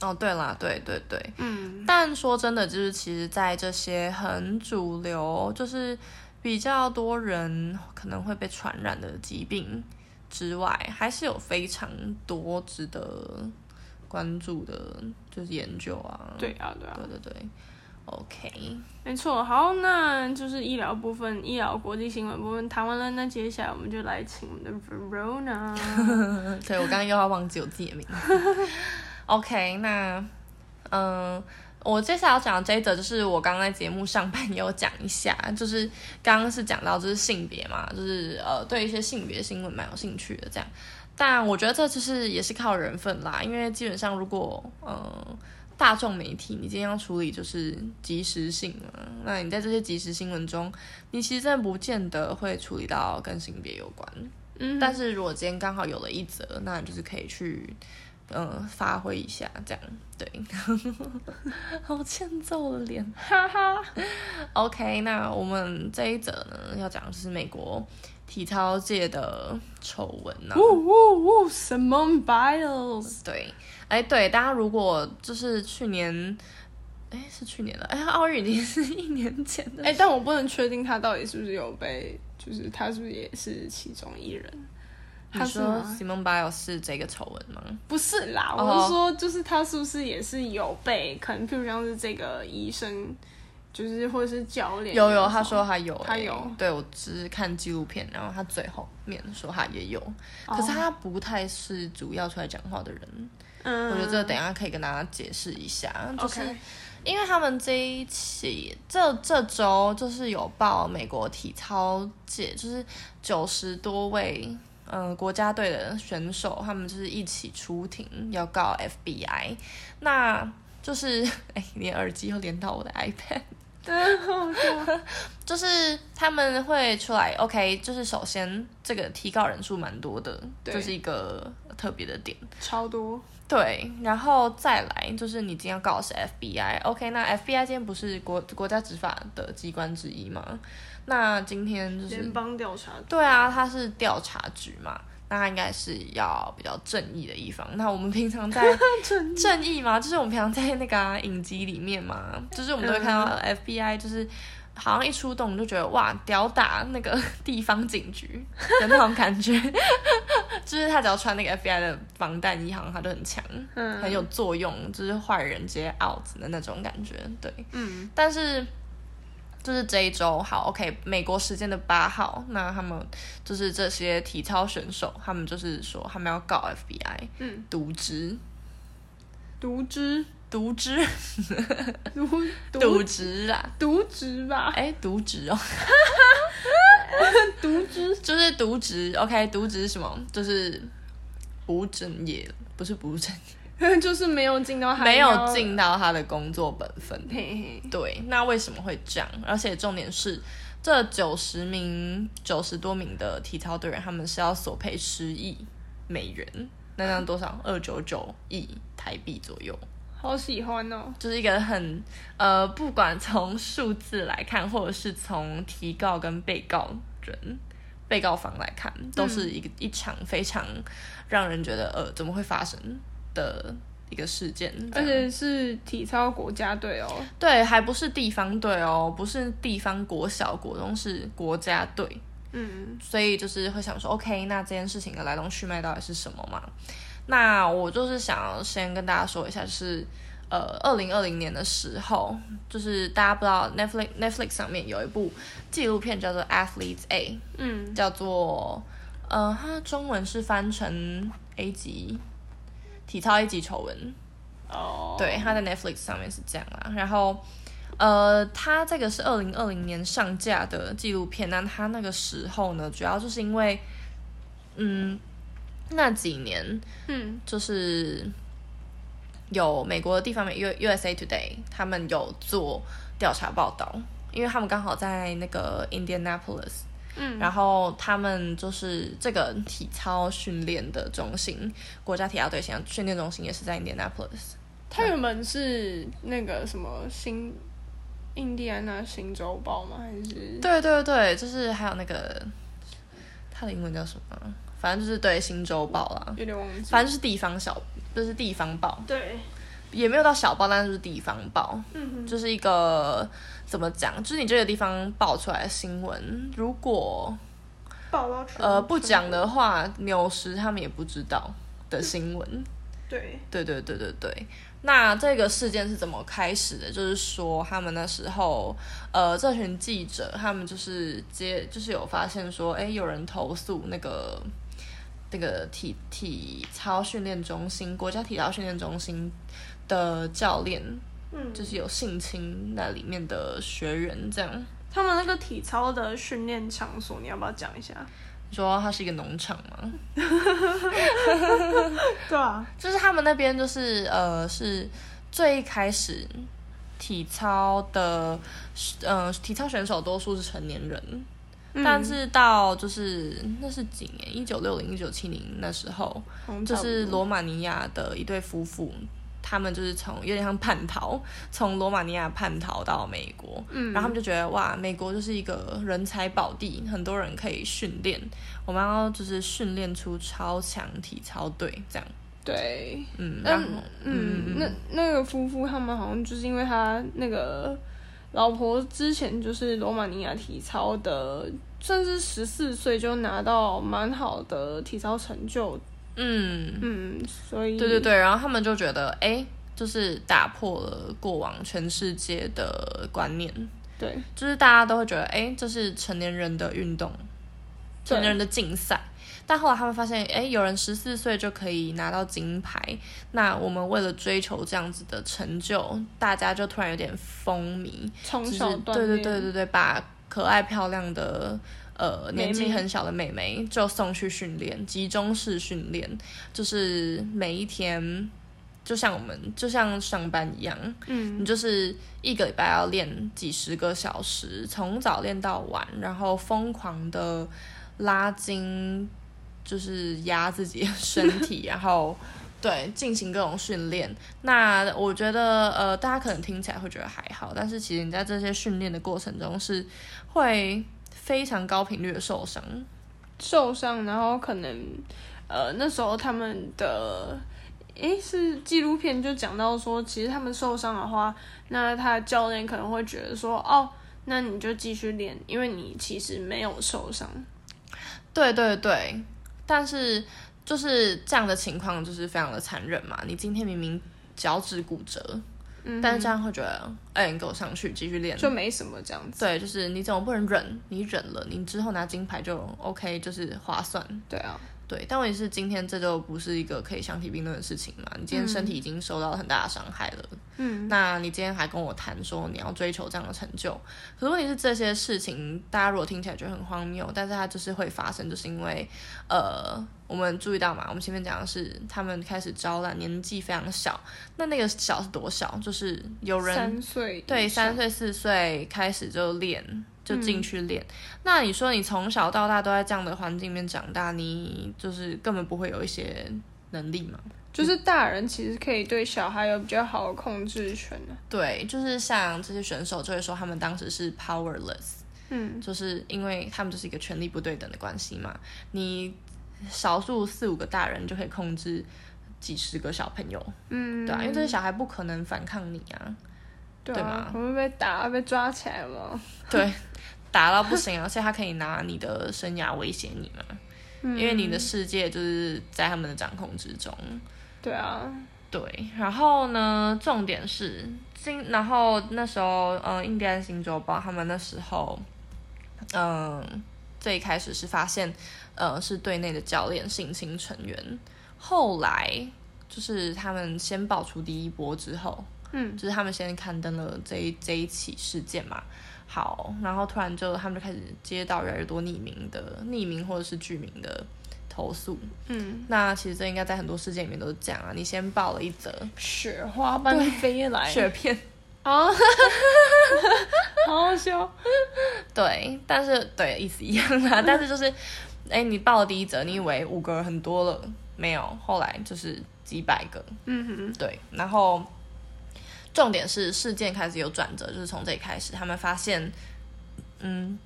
哦，對啦，對對對，嗯。但說真的，就是其實在這些很主流，就是比較多人可能會被傳染的疾病。之外，還是有非常多值得關注的，就是研究啊。對啊，對啊，對對對，OK，沒錯。好，那就是醫療部分，醫療國際新聞部分談完了，那接下來我們就來請我們的 Verona 對，我剛剛又要忘記我自己的名字。 OK，那嗯。我接下來要講的這一則，就是我剛在節目上半也有講一下，就是剛剛是講到就是性別嘛，就是呃對一些性別新聞蠻有興趣的這樣，但我覺得這就是也是靠人份啦，因為基本上如果嗯、呃，大眾媒體你今天要處理就是即時性嘛，那你在這些即時新聞中，你其實真的不見得會處理到跟性別有關，嗯，但是如果今天剛好有了一則，那你就是可以去。嗯，發揮一下這樣，對， 好欠揍的臉，哈哈。OK，那我們這一則呢要講的是美國體操界的醜聞呢。嗚、哦、嗚嗚、哦哦，Simone Biles。對，哎、欸，對，大家如果就是去年，哎、欸，是去年了，哎、欸，奧運已經是一年前的。哎、欸，但我不能確定他到底是不是有被，就是他是不是也是其中一人。他說：“Simone Biles 是這個醜聞嗎？不是啦，oh、我是說，就是他是不是也是有被？可能譬如像是這個醫生，就是或者是教練，有有，他說他有、欸，他有。對，我只是看紀錄片，然後他最後面說他也有，可是他不太是主要出來講話的人。嗯、oh.，我覺得這等一下可以跟大家解釋一下，就是、okay. 因為他們這一期這這周就是有報美國體操界，就是九十多位。嗯，國家隊的選手他們就是一起出庭要告 FBI，那就是哎，連、欸、耳機又連到我的 iPad，好 就是他們會出來。OK，就是首先這個提告人數蠻多的對，就是一個特別的點，超多。對，然後再來就是你今天要告的是 FBI，OK，、okay, 那 FBI 今天不是國國家執法的機關之一嗎？那今天就是聯邦調查局，對啊，他是調查局嘛，那他應該是要比較正義的一方。那我們平常在正義嘛， 就是我們平常在那個、啊、影集裡面嘛，就是我們都會看到 FBI，就是、嗯、好像一出動就覺得哇屌打那個地方警局的那種感覺， 就是他只要穿那個 FBI 的防彈衣行，好像他都很強、嗯，很有作用，就是壞人直接 out 的那種感覺。對，嗯，但是。就是這一周好，OK，美國時間的八號，那他們就是這些體操選手，他們就是說他們要告 FBI，嗯，瀆職，瀆職，瀆職，瀆瀆職啊，瀆職吧，哎、欸，瀆職哦，瀆 職就是瀆職，OK，瀆職是什麼？就是不務正業，不是不務正業。 就是沒有盡到，沒有盡到他的工作本分嘿嘿。對，那為什麼會這樣？而且重點是，這九十名、九十多名的體操隊員，他們是要索賠十億美元，那樣多少？二九九億台幣左右。好喜歡哦！就是一個很呃，不管從數字來看，或者是從提告跟被告人、被告方來看，都是一、嗯、一場非常讓人覺得呃，怎麼會發生？的一個事件，而且是體操國家隊哦，對，還不是地方隊哦，不是地方國小國中，是國家隊，嗯，所以就是會想說，OK，那這件事情的來龍去脈到底是什麼嘛？那我就是想要先跟大家說一下，就是，是呃，二零二零年的時候，就是大家不知道 Netflix Netflix 上面有一部紀錄片叫做《Athletes A》，嗯，叫做呃，它中文是翻成 A 級。體操一級醜聞，哦、oh.，對，他在 Netflix 上面是這樣啦。然後，呃，他這個是二零二零年上架的紀錄片。那他那個時候呢，主要就是因為，嗯，那幾年，嗯，就是有美國的地方的 USA Today 他們有做調查報道因為他們剛好在那個 Indianapolis。嗯，然後他們就是這個體操訓練的中心，國家體操隊現在訓練中心也是在 Indianapolis，嗯。他們是那個什麼新印第安納新州報嗎？還是？對對對，就是還有那個，他的英文叫什麼？反正就是對新州報啦。有點忘記。反正就是地方小，就是地方報。對，也沒有到小報，但是是地方報，嗯哼。就是一個。怎麼講？就是你這個地方爆出來的新聞，如果包包呃，不講的話，紐時他們也不知道的新聞。對、嗯，對，對，對，對，對，對。那這個事件是怎麼開始的？就是說，他們那時候，呃，這群記者，他們就是接，就是有發現說，哎，有人投訴那個那個體體操訓練中心、國家體操訓練中心的教練。嗯，就是有性侵那裡面的學員這樣，他們那個體操的訓練場所，你要不要講一下？你說他是一個農場嗎？ 對啊，就是他們那邊就是呃，是最開始體操的，呃，體操選手多數是成年人，嗯，但是到就是那是幾年？一九六零、一九七零那時候，嗯，就是羅馬尼亞的一對夫婦。嗯他們就是從有點像叛逃，從羅馬尼亞叛逃到美國，嗯，然後他們就覺得哇，美國就是一個人才寶地，很多人可以訓練，我們要就是訓練出超強體操隊，這樣。對，嗯，那嗯，嗯，嗯，嗯，那那個夫婦他們好像就是因為他那個老婆之前就是羅馬尼亞體操的，甚至十四歲就拿到蠻好的體操成就。嗯嗯，所以對對對，然後他們就覺得，哎，就是打破了過往全世界的觀念，對，就是大家都會覺得，哎，這是成年人的運動，成年人的競賽。但後來他們發現，哎，有人十四歲就可以拿到金牌，那我們為了追求這樣子的成就，大家就突然有點風靡，從小對,對對對對對，把可愛漂亮的。呃，年紀很小的妹妹就送去訓練，集中式訓練，就是每一天，就像我們就像上班一樣，嗯，你就是一個禮拜要練幾十個小時，從早練到晚，然後瘋狂的拉筋，就是壓自己身體， 然後對進行各種訓練。那我覺得，呃，大家可能聽起來會覺得還好，但是其實你在這些訓練的過程中是會。非常高頻率的受傷，受傷，然後可能，呃，那時候他們的，誒、欸，是紀錄片就講到說，其實他們受傷的話，那他教練可能會覺得說，哦，那你就繼續練，因為你其實沒有受傷。對對對，但是就是這樣的情況就是非常的殘忍嘛，你今天明明腳趾骨折。嗯、但是這樣會覺得，哎、欸，你給我上去繼續練，就沒什麼這樣子。對，就是你怎麼不能忍？你忍了，你之後拿金牌就 OK，就是划算。對啊。對，但問題是今天，這就不是一個可以相提並論的事情嘛。你今天身體已經受到很大的傷害了，嗯，那你今天還跟我談說你要追求這樣的成就，可是問題是這些事情大家如果聽起來覺得很荒謬，但是它就是會發生，就是因為呃，我們注意到嘛，我們前面講的是他們開始招攬年紀非常小，那那個小是多小？就是有人三歲，對，三歲四歲開始就練。就進去練、嗯。那你說你從小到大都在這樣的環境裡面長大，你就是根本不會有一些能力嘛？就是大人其實可以對小孩有比較好的控制權的、啊。對，就是像這些選手就會說他們當時是 powerless，嗯，就是因為他們就是一個權力不對等的關係嘛。你少數四五個大人就可以控制幾十個小朋友，嗯，對啊，因為這些小孩不可能反抗你啊，對，啊對嗎？會不會被打，被抓起來了。對。打到不行，而且 他可以拿你的生涯威脅你嘛、嗯，因為你的世界就是在他們的掌控之中。對啊，對。然後呢，重點是今，然後那時候，嗯，印第安新州報他們那時候，嗯，最開始是發現，呃、嗯，是隊內的教練性侵成員。後來就是他們先爆出第一波之後，嗯，就是他們先刊登了這一這一起事件嘛。好，然後突然就他們就開始接到越來越多匿名的、匿名或者是具名的投訴。嗯，那其實這應該在很多事件裡面都是這樣啊。你先報了一則雪花般飛來雪片啊，oh. 好好笑。對，但是對意思一樣啦。 但是就是，哎、欸，你報了第一則，你以為五個很多了，沒有，後來就是幾百個。嗯哼，對，然後。重點是事件開始有轉折，就是從這裡開始，他們發現，嗯，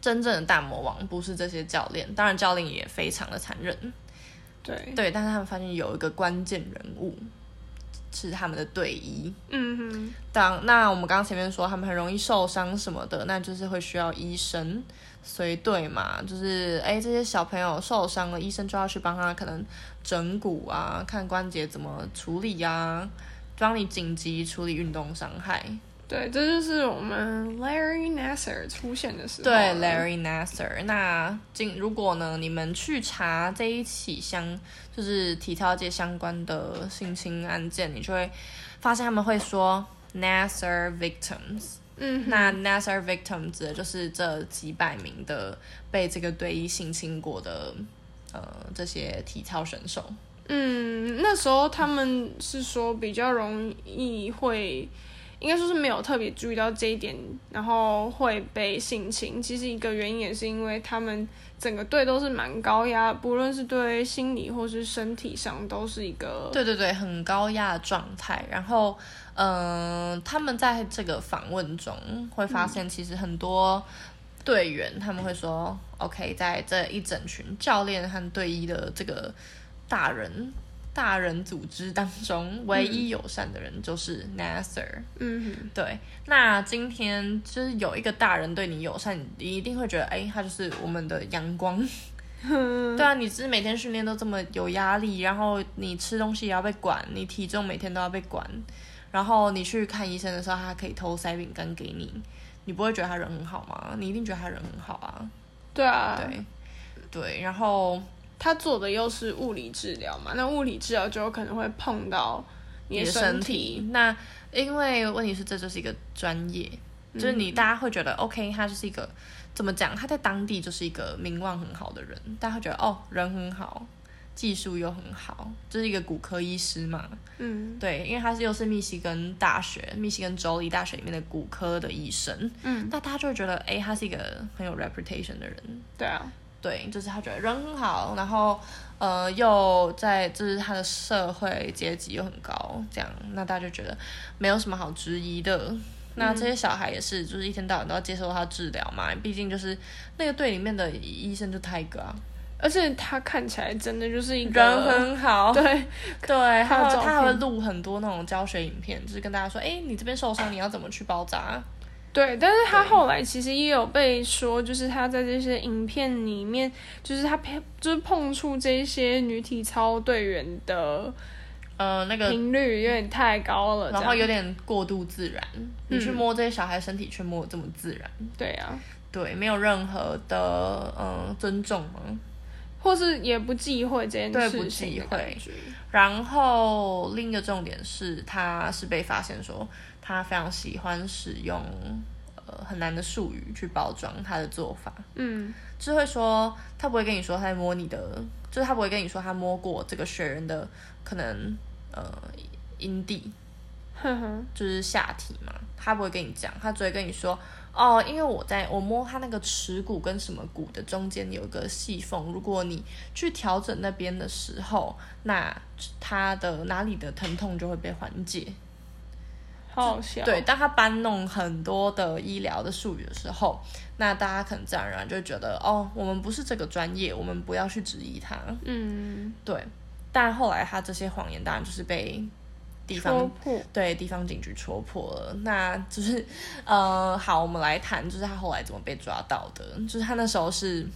真正的大魔王不是這些教練，當然教練也非常的殘忍，對對，但是他們發現有一個關鍵人物是他們的隊醫，嗯哼，當那我們剛剛前面說他們很容易受傷什麼的，那就是會需要醫生，所以對嘛，就是哎、欸，這些小朋友受傷了，醫生就要去幫他可能整骨啊，看關節怎麼處理呀、啊。幫你緊急處理運動傷害，對，這就是我們 Larry Nassar 出現的時候。對，Larry Nassar。那進，如果呢，你們去查這一起相，就是體操界相關的性侵案件，你就會發現他們會說 Nassar victims。嗯，那 Nassar victims 指的就是這幾百名的被這個隊醫性侵過的呃這些體操選手。嗯，那時候他們是說比較容易會，應該說是沒有特別注意到這一點，然後會被性侵。其實一個原因也是因為他們整個隊都是蠻高壓，不論是對心理或是身體上都是一個對對對很高壓的狀態。然後，嗯、呃，他們在這個訪問中會發現，其實很多隊員、嗯、他們會說、嗯、，OK，在這一整群教練和隊醫的這個。大人，大人組織當中唯一友善的人就是 Nassar。嗯，對。那今天就是有一個大人對你友善，你一定會覺得，哎、欸，他就是我們的陽光。對啊，你是每天訓練都這麼有壓力，然後你吃東西也要被管，你體重每天都要被管，然後你去看醫生的時候，他可以偷塞餅乾給你，你不會覺得他人很好嗎？你一定覺得他人很好啊。對啊，對，對，然後。他做的又是物理治療嘛，那物理治療就可能會碰到你的身體。身體，那因為問題是，這就是一個專業，嗯、就是你大家會覺得，OK，他就是一個怎麼講？他在當地就是一個名望很好的人，大家會覺得哦，人很好，技術又很好，就是一個骨科醫師嘛。嗯，對，因為他是又是密西根大學、密西根州立大學裡面的骨科的醫生。嗯，那大家就會覺得，哎，他是一個很有 reputation 的人。對啊。對，就是他覺得人很好，然後呃，又在就是他的社會階級又很高，這樣，那大家就覺得沒有什麼好質疑的。那這些小孩也是，就是一天到晚都要接受他治療嘛，畢竟就是那個隊裡面的醫生就他一個啊，而且他看起來真的就是一個人很好，對對，還 有他會錄很多那種教學影片，就是跟大家說，哎，你這邊受傷，你要怎麼去包紮？對，但是他後來其實也有被說，就是他在這些影片裡面，就是他就是碰觸這些女體操隊員的，呃，那個頻率有點太高了、呃那個，然後有點過度自然。你、嗯、去摸這些小孩身體，卻摸得這麼自然，對呀、啊，對，沒有任何的嗯尊重嗎？或是也不忌諱這件事情？對，不忌諱。然後另一個重點是，他是被發現說。他非常喜歡使用呃很難的術語去包裝他的做法，嗯，就會說他不會跟你說他在摸你的，就是他不會跟你說他摸過這個學員的可能呃陰蒂，哼哼，就是下體嘛，他不會跟你講，他只會跟你說哦，因為我在我摸他那個恥骨跟什麼骨的中間有一個細縫，如果你去調整那邊的時候，那他的哪裡的疼痛就會被緩解。好好笑。對，當他搬弄很多的醫療的術語的時候，那大家可能自然而然就覺得，哦，我們不是這個專業，我們不要去質疑他。嗯，對。但後來他這些謊言當然就是被地方戳破，對地方警局戳破了。那就是，呃，好，我們來談，就是他後來怎麼被抓到的，就是他那時候是。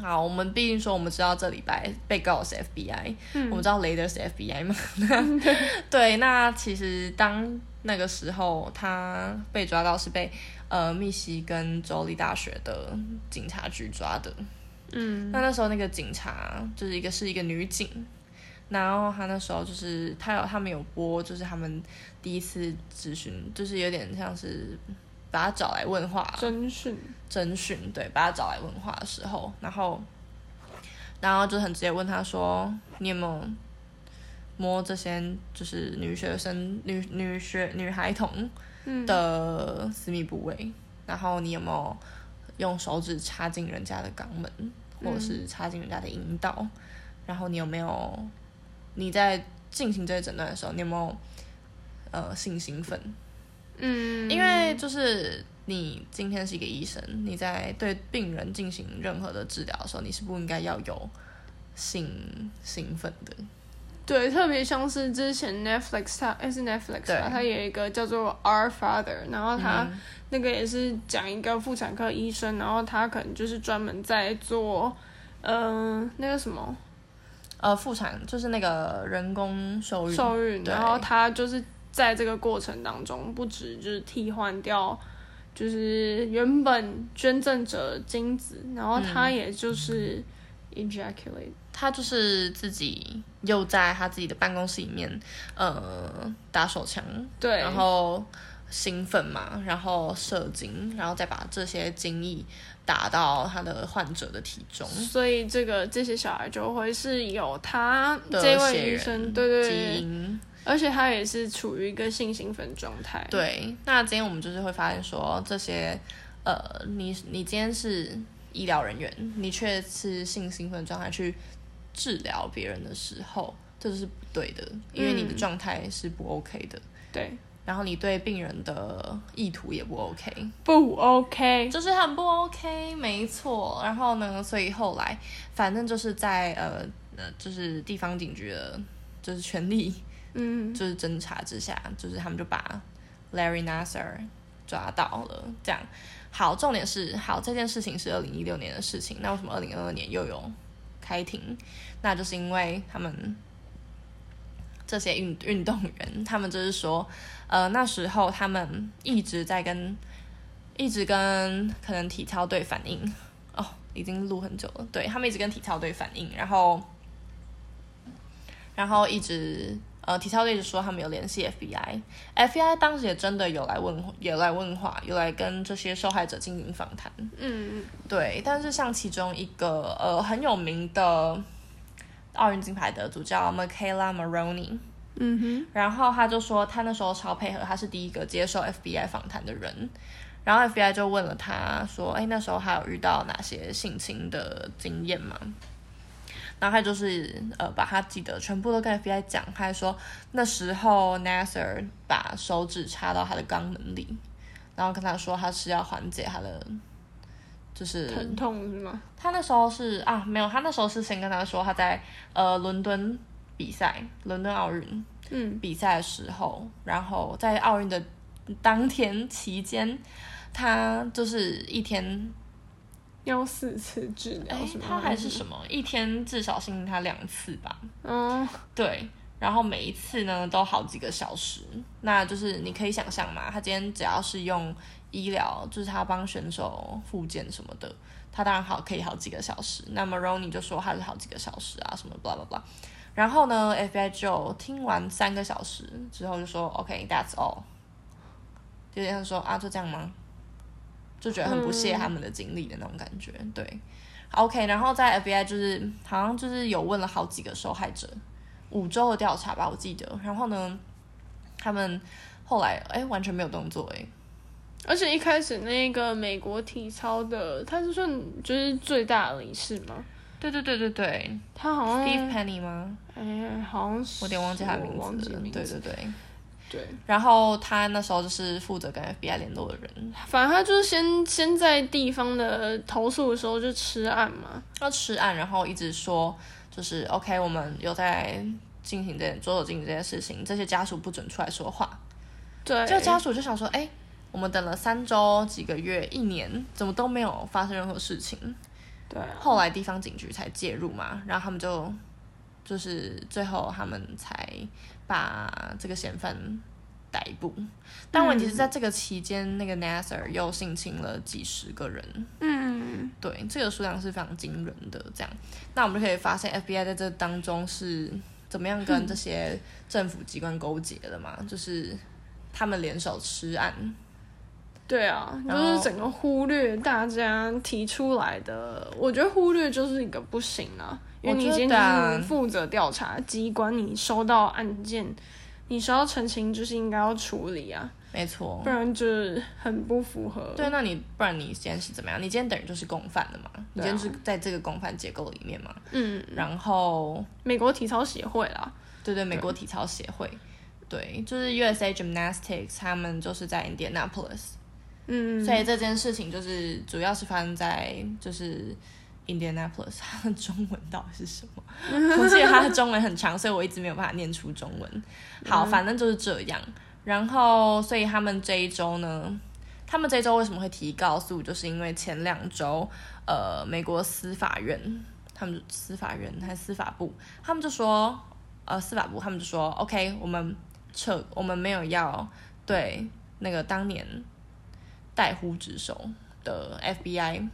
好，我們畢竟說，我們知道這禮拜被告是 FBI，、嗯、我們知道雷德是 FBI 嘛？嗯、 對，那其實當那個時候他被抓到是被呃密西根州立大學的警察局抓的，嗯，那那時候那個警察就是一個是一個女警，然後他那時候就是他有他們有播，就是他們第一次質詢，就是有點像是。把他找來問話，偵訊，偵訊，對，把他找來問話的時候，然後，然後就很直接問他說：“你有沒有摸這些就是女學生、女女學女孩童的私密部位、嗯？然後你有沒有用手指插進人家的肛門，或者是插進人家的陰道、嗯？然後你有沒有你在進行這些診斷的時候，你有沒有呃性興奮？”嗯，因為就是你今天是一個醫生，你在對病人進行任何的治療的時候，你是不應該要有興興奮的。對，特別像是之前 Netflix，它、欸、是 Netflix 它有一個叫做《Our Father》，然後它那個也是講一個婦產科醫生、嗯，然後他可能就是專門在做，嗯、呃，那個什麼，呃，婦產就是那個人工受孕，受孕，然後他就是。在這個過程當中，不只就是替換掉，就是原本捐贈者的精子，然後他也就是、嗯、ejaculate，他就是自己又在他自己的辦公室裡面，呃，打手槍，對，然後興奮嘛，然後射精，然後再把這些精液打到他的患者的體中，所以這個這些小孩就會是有他這位醫生對對對，基因。而且他也是處於一個性興奮狀態。對，那今天我們就是會發現說，這些呃，你你今天是醫療人員，你卻是性興奮狀態去治療別人的時候，這是不對的，因為你的狀態是不 OK 的。對、嗯，然後你對病人的意圖也不 OK，不 OK，就是很不 OK，沒錯。然後呢，所以後來反正就是在呃呃，就是地方警局的，就是權利。嗯， 就是偵查之下，就是他們就把 Larry Nasser 抓到了。這樣，好，重點是，好，這件事情是二零一六年的事情。那為什麼二零二二年又有開庭？那就是因為他們這些運運動員，他們就是說，呃，那時候他們一直在跟一直跟可能體操隊反映。哦，已經錄很久了，對，他們一直跟體操隊反映，然後然後一直。呃，體操隊也說他們有聯繫 FBI，FBI 當時也真的有來問，也來問話，有來跟這些受害者進行訪談。嗯對。但是像其中一個呃很有名的奧運金牌得主叫 Makayla Maroney，嗯哼，然後他就說他那時候超配合，他是第一個接受 FBI 訪談的人。然後 FBI 就問了他說，哎，那時候還有遇到哪些性侵的經驗嗎？然後他就是呃，把他記得全部都跟 FBI 講。他說那時候 Nassar 把手指插到他的肛門裡，然後跟他說他是要緩解他的就是疼痛是嗎？他那時候是啊，沒有。他那時候是先跟他說他在呃倫敦比賽，倫敦奧運嗯比賽的時候，嗯，然後在奧運的當天期間，他就是一天。幺四次治療、欸，他還是什麼？一天至少是他兩次吧？嗯，對。然後每一次呢，都好幾個小時。那就是你可以想象嘛，他今天只要是用醫療，就是他幫選手復健什麼的，他當然好可以好幾個小時。那麼羅尼就說他是好幾個小時啊，什麼 blah blah blah。然後呢，FBI 就聽完三個小時之後就說，OK，that's all，就這樣說啊，就這樣嗎？就覺得很不屑他們的經歷的那種感覺，嗯，對。OK，然後在 FBI 就是好像就是有問了好幾個受害者，五周的調查吧，我記得。然後呢，他們後來誒完全沒有動作誒，而且一開始那個美國體操的，他是算就是最大的理事嗎？對對對對對。他好像，Steve Penny 嗎？誒，好像是。我點忘記他名字了。了，對對對。對，然後他那時候就是負責跟 FBI 聯絡的人，反正他就是先先在地方的投訴的時候就吃案嘛，要吃案，然後一直說就是 OK，我們有在進行這着手進行這件事情，這些家屬不准出來說話。對，就家屬就想說，哎，我們等了三周、幾個月、一年，怎麼都沒有發生任何事情？對啊，後來地方警局才介入嘛，然後他們就就是最後他們才把這個嫌犯逮捕，但問題是在這個期間、嗯，那個 Nassar 又性侵了幾十個人。嗯，對，這個數量是非常驚人的。這樣，那我們就可以發現 FBI 在這當中是怎麼樣跟這些政府機關勾結的嘛、嗯？就是他們聯手吃案。對啊，然後，就是整個忽略大家提出來的，我覺得忽略就是一個不行啊。因為你今天負責調查機關，你收到案件，啊、你收到澄清，就是應該要處理啊，沒錯，不然就很不符合。對，那你不然你今天是怎麼樣？你今天等於就是共犯了嘛、啊？你今天是在這個共犯結構裡面嘛？嗯。然後，美國體操協會啦，對對、對，美國體操協會對，對，就是 USA Gymnastics，他們就是在 Indianapolis，嗯，所以這件事情就是主要是發生在就是。Indianapolis，它的中文到底是什麼？ 我記得它的中文很長，所以我一直沒有辦法念出中文。好，反正就是這樣。然後，所以他們這一周呢，他們這一周為什麼會提告訴，就是因為前兩周，呃，美國司法院，他們司法院還是司法部，他們就說，呃，司法部他們就說，OK，我們撤，我們沒有要對那個當年怠忽職守的 FBI。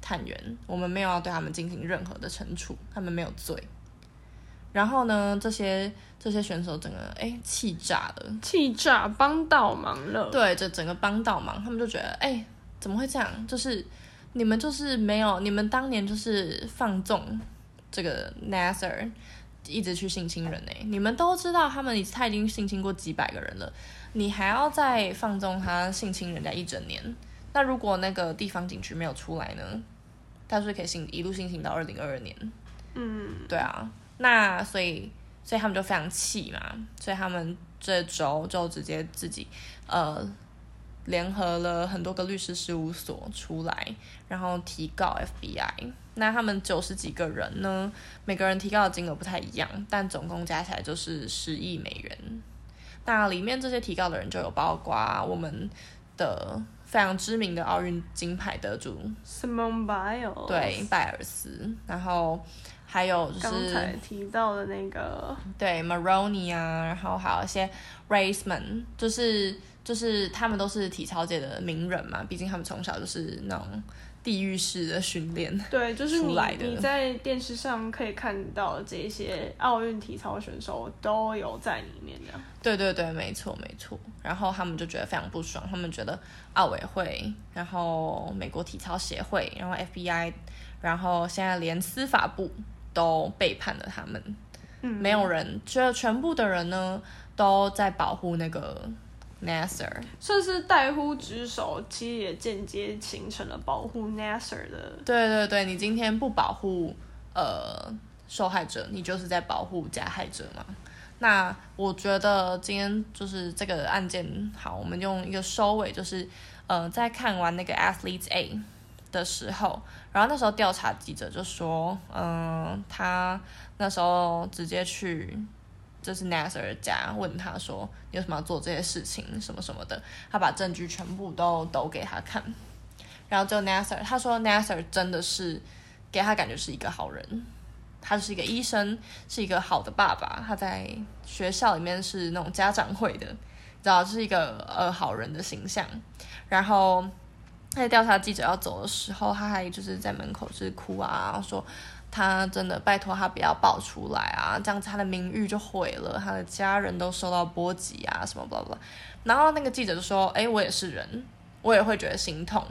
探員，我們沒有要對他們進行任何的懲處，他們沒有罪。然後呢，這些這些選手整個哎氣炸了，氣炸，幫倒忙了。對，就整個幫倒忙，他們就覺得哎，怎麼會這樣？就是你們就是沒有，你們當年就是放縱這個 Nassar 一直去性侵人哎，你們都知道他們已他已經性侵過幾百個人了，你還要再放縱他性侵人家一整年？那如果那個地方警局沒有出來呢？他是不是可以行一路進行到二零二二年？嗯，對啊，那所以所以他們就非常氣嘛，所以他們這週就直接自己呃聯合了很多個律師事務所出來，然後提告 FBI。那他們九十幾個人呢，每個人提告的金額不太一樣，但總共加起來就是十億美元。那裡面這些提告的人就有包括我們的。非常知名的奧運金牌得主 Simone Biles。對，拜爾斯。然後還有就是剛才提到的那個，對，Maroney 啊，然後還有一些 Raisman，就是就是他們都是體操界的名人嘛，畢竟他們從小就是那種。地獄式的訓練，對，就是你出來的，你在電視上可以看到這些奧運體操選手都有在裡面的。對對對，沒錯沒錯。然後他們就覺得非常不爽，他們覺得奧委會，然後美國體操協會，然後 FBI，然後現在連司法部都背叛了他們，嗯，沒有人，只有全部的人呢都在保護那個。Nasser 甚至怠忽職守，其實也間接形成了保護 Nasser 的。對對對，你今天不保護呃受害者，你就是在保護加害者嘛。那我覺得今天就是這個案件，好，我們用一個收尾，就是呃，在看完那個 Athlete A 的時候，然後那時候調查記者就說，嗯、呃，他那時候直接去。就是 Nassar 家問他說：“你有什麼要做這些事情什麼什麼的？”他把證據全部都抖給他看，然後就 Nassar 他說 Nassar 真的是給他感覺是一個好人，他是一個醫生，是一個好的爸爸，他在學校裡面是那種家長會的，然後是一個呃好人的形象。然後在調查記者要走的時候，他還就是在門口就是哭啊，說。他真的拜託他不要爆出來啊，這樣子他的名譽就毀了，他的家人都受到波及啊，什麼 blah blah。然後那個記者就說：“哎，我也是人，我也會覺得心痛。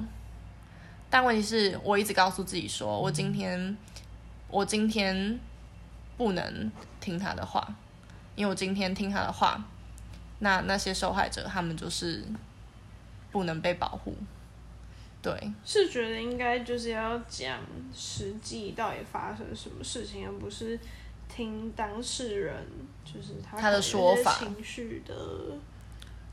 但問題是我一直告訴自己說，說我今天、嗯，我今天不能聽他的話，因為我今天聽他的話，那那些受害者他們就是不能被保護。”對，是覺得應該就是要講實際到底發生什麼事情，而不是聽當事人，就是他，他的說法，情緒的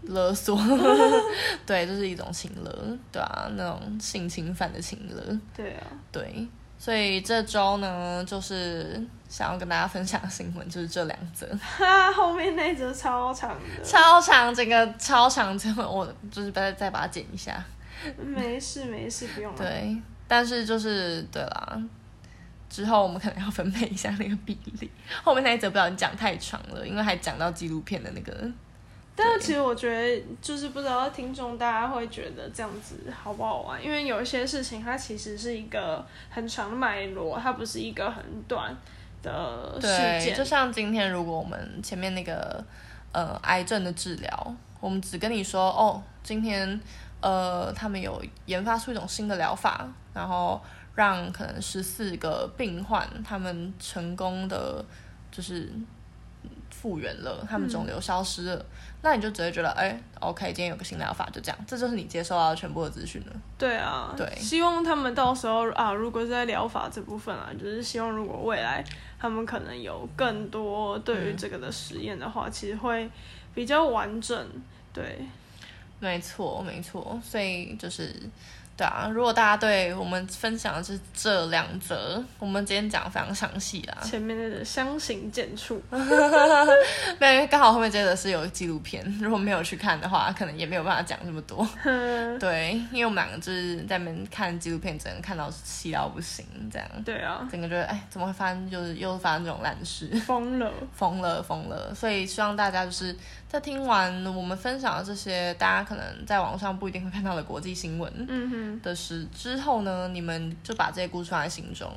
勒索， 對，這、就是一種情勒。 對啊，那種性侵犯的情勒，對啊，對。所以這週呢，就是想要跟大家分享的新聞，就是這兩則。 後面那則超長的，超長，整個超長，這我就是再再把它剪一下。沒事，沒事，不用了，啊嗯。對，但是就是對啦，之後我們可能要分配一下那個比例。後面那一則不要講太長了，因為還講到紀錄片的那個。但其實我覺得，就是不知道聽眾大家會覺得這樣子好不好玩，因為有一些事情它其實是一個很長的脈絡，它不是一個很短的事件。對，就像今天，如果我們前面那個呃癌症的治療，我們只跟你說哦，今天。呃，他們有研發出一種新的療法，然後讓可能十四個病患他們成功的就是復原了，他們腫瘤消失了。嗯。那你就直接覺得，哎，欸，OK，今天有個新療法，就這樣，這就是你接收到的全部的資訊了。對啊，對，希望他們到時候啊，如果在療法這部分啊，就是希望如果未來他們可能有更多對於這個的實驗的話，嗯，其實會比較完整，對。沒錯，沒錯，所以就是，對啊，如果大家對我們分享的是這兩則，我們今天講的非常詳細啊。前面那個相形見絀，哈哈哈哈哈。對，剛好後面接的是有紀錄片，如果沒有去看的話，可能也沒有辦法講這麼多呵。對，因為我們兩個就是在那邊看紀錄片，只能看到氣到不行，這樣。對啊。整個覺得，哎，怎麼會發生？就是又發生這種爛事。瘋了。瘋 了，瘋了！所以希望大家就是。在聽完我們分享的這些大家可能在網上不一定會看到的國際新聞，嗯哼，的時之後呢，你們就把這些故事放在心中。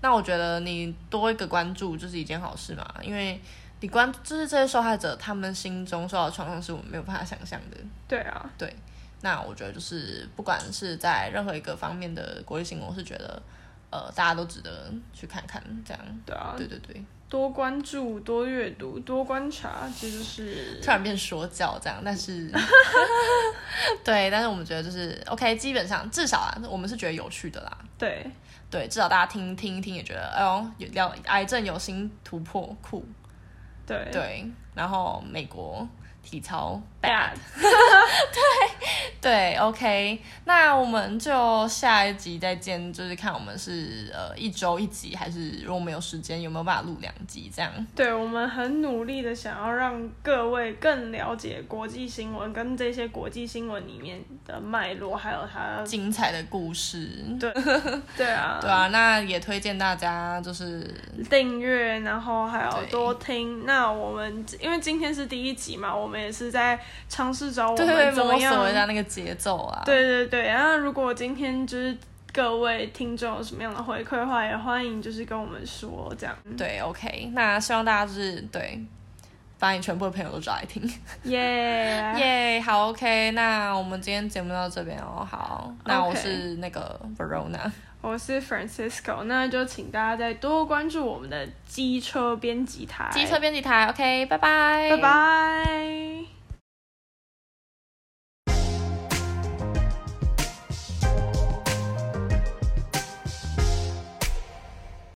那我覺得你多一個關注就是一件好事嘛，因為你關注就是這些受害者他們心中受到的創傷是我們沒有辦法想象的。對啊，對。那我覺得就是不管是在任何一個方面的國際新聞，我是覺得呃大家都值得去看看，這樣。對啊，對對對。多關注，多閱讀，多觀察，其實就是突然變說教這樣，但是， 對，但是我們覺得就是 OK，基本上至少啊，我們是覺得有趣的啦，對對，至少大家聽聽一聽也覺得，哎呦，有聊癌症有新突破，酷，對對，然後美國。體操 bad， 對對，OK，那我們就下一集再見。就是看我們是呃一周一集，還是如果沒有時間，有沒有辦法錄兩集這樣？對，我們很努力的想要讓各位更了解國際新聞跟這些國際新聞裡面的脈絡，還有它精彩的故事。對對啊， 對啊，那也推薦大家就是訂閱，然後還有多聽。那我們因為今天是第一集嘛，我們。.我們也是在嘗試找我們，對對對，怎麼樣摸索一下那個節奏啊，對對對。然後如果今天就是各位聽眾有什麼樣的回饋的話，也歡迎就是跟我們說這樣。對，OK，那希望大家就是對，把你全部的朋友都抓來聽。耶、yeah. 耶、 yeah,，好 OK。那我們今天節目到這邊哦，好，那我是那個 Verona。Okay. 我是 Francisco，那就請大家再多關注我們的機車編輯台，機車編輯台，OK，拜拜，拜拜。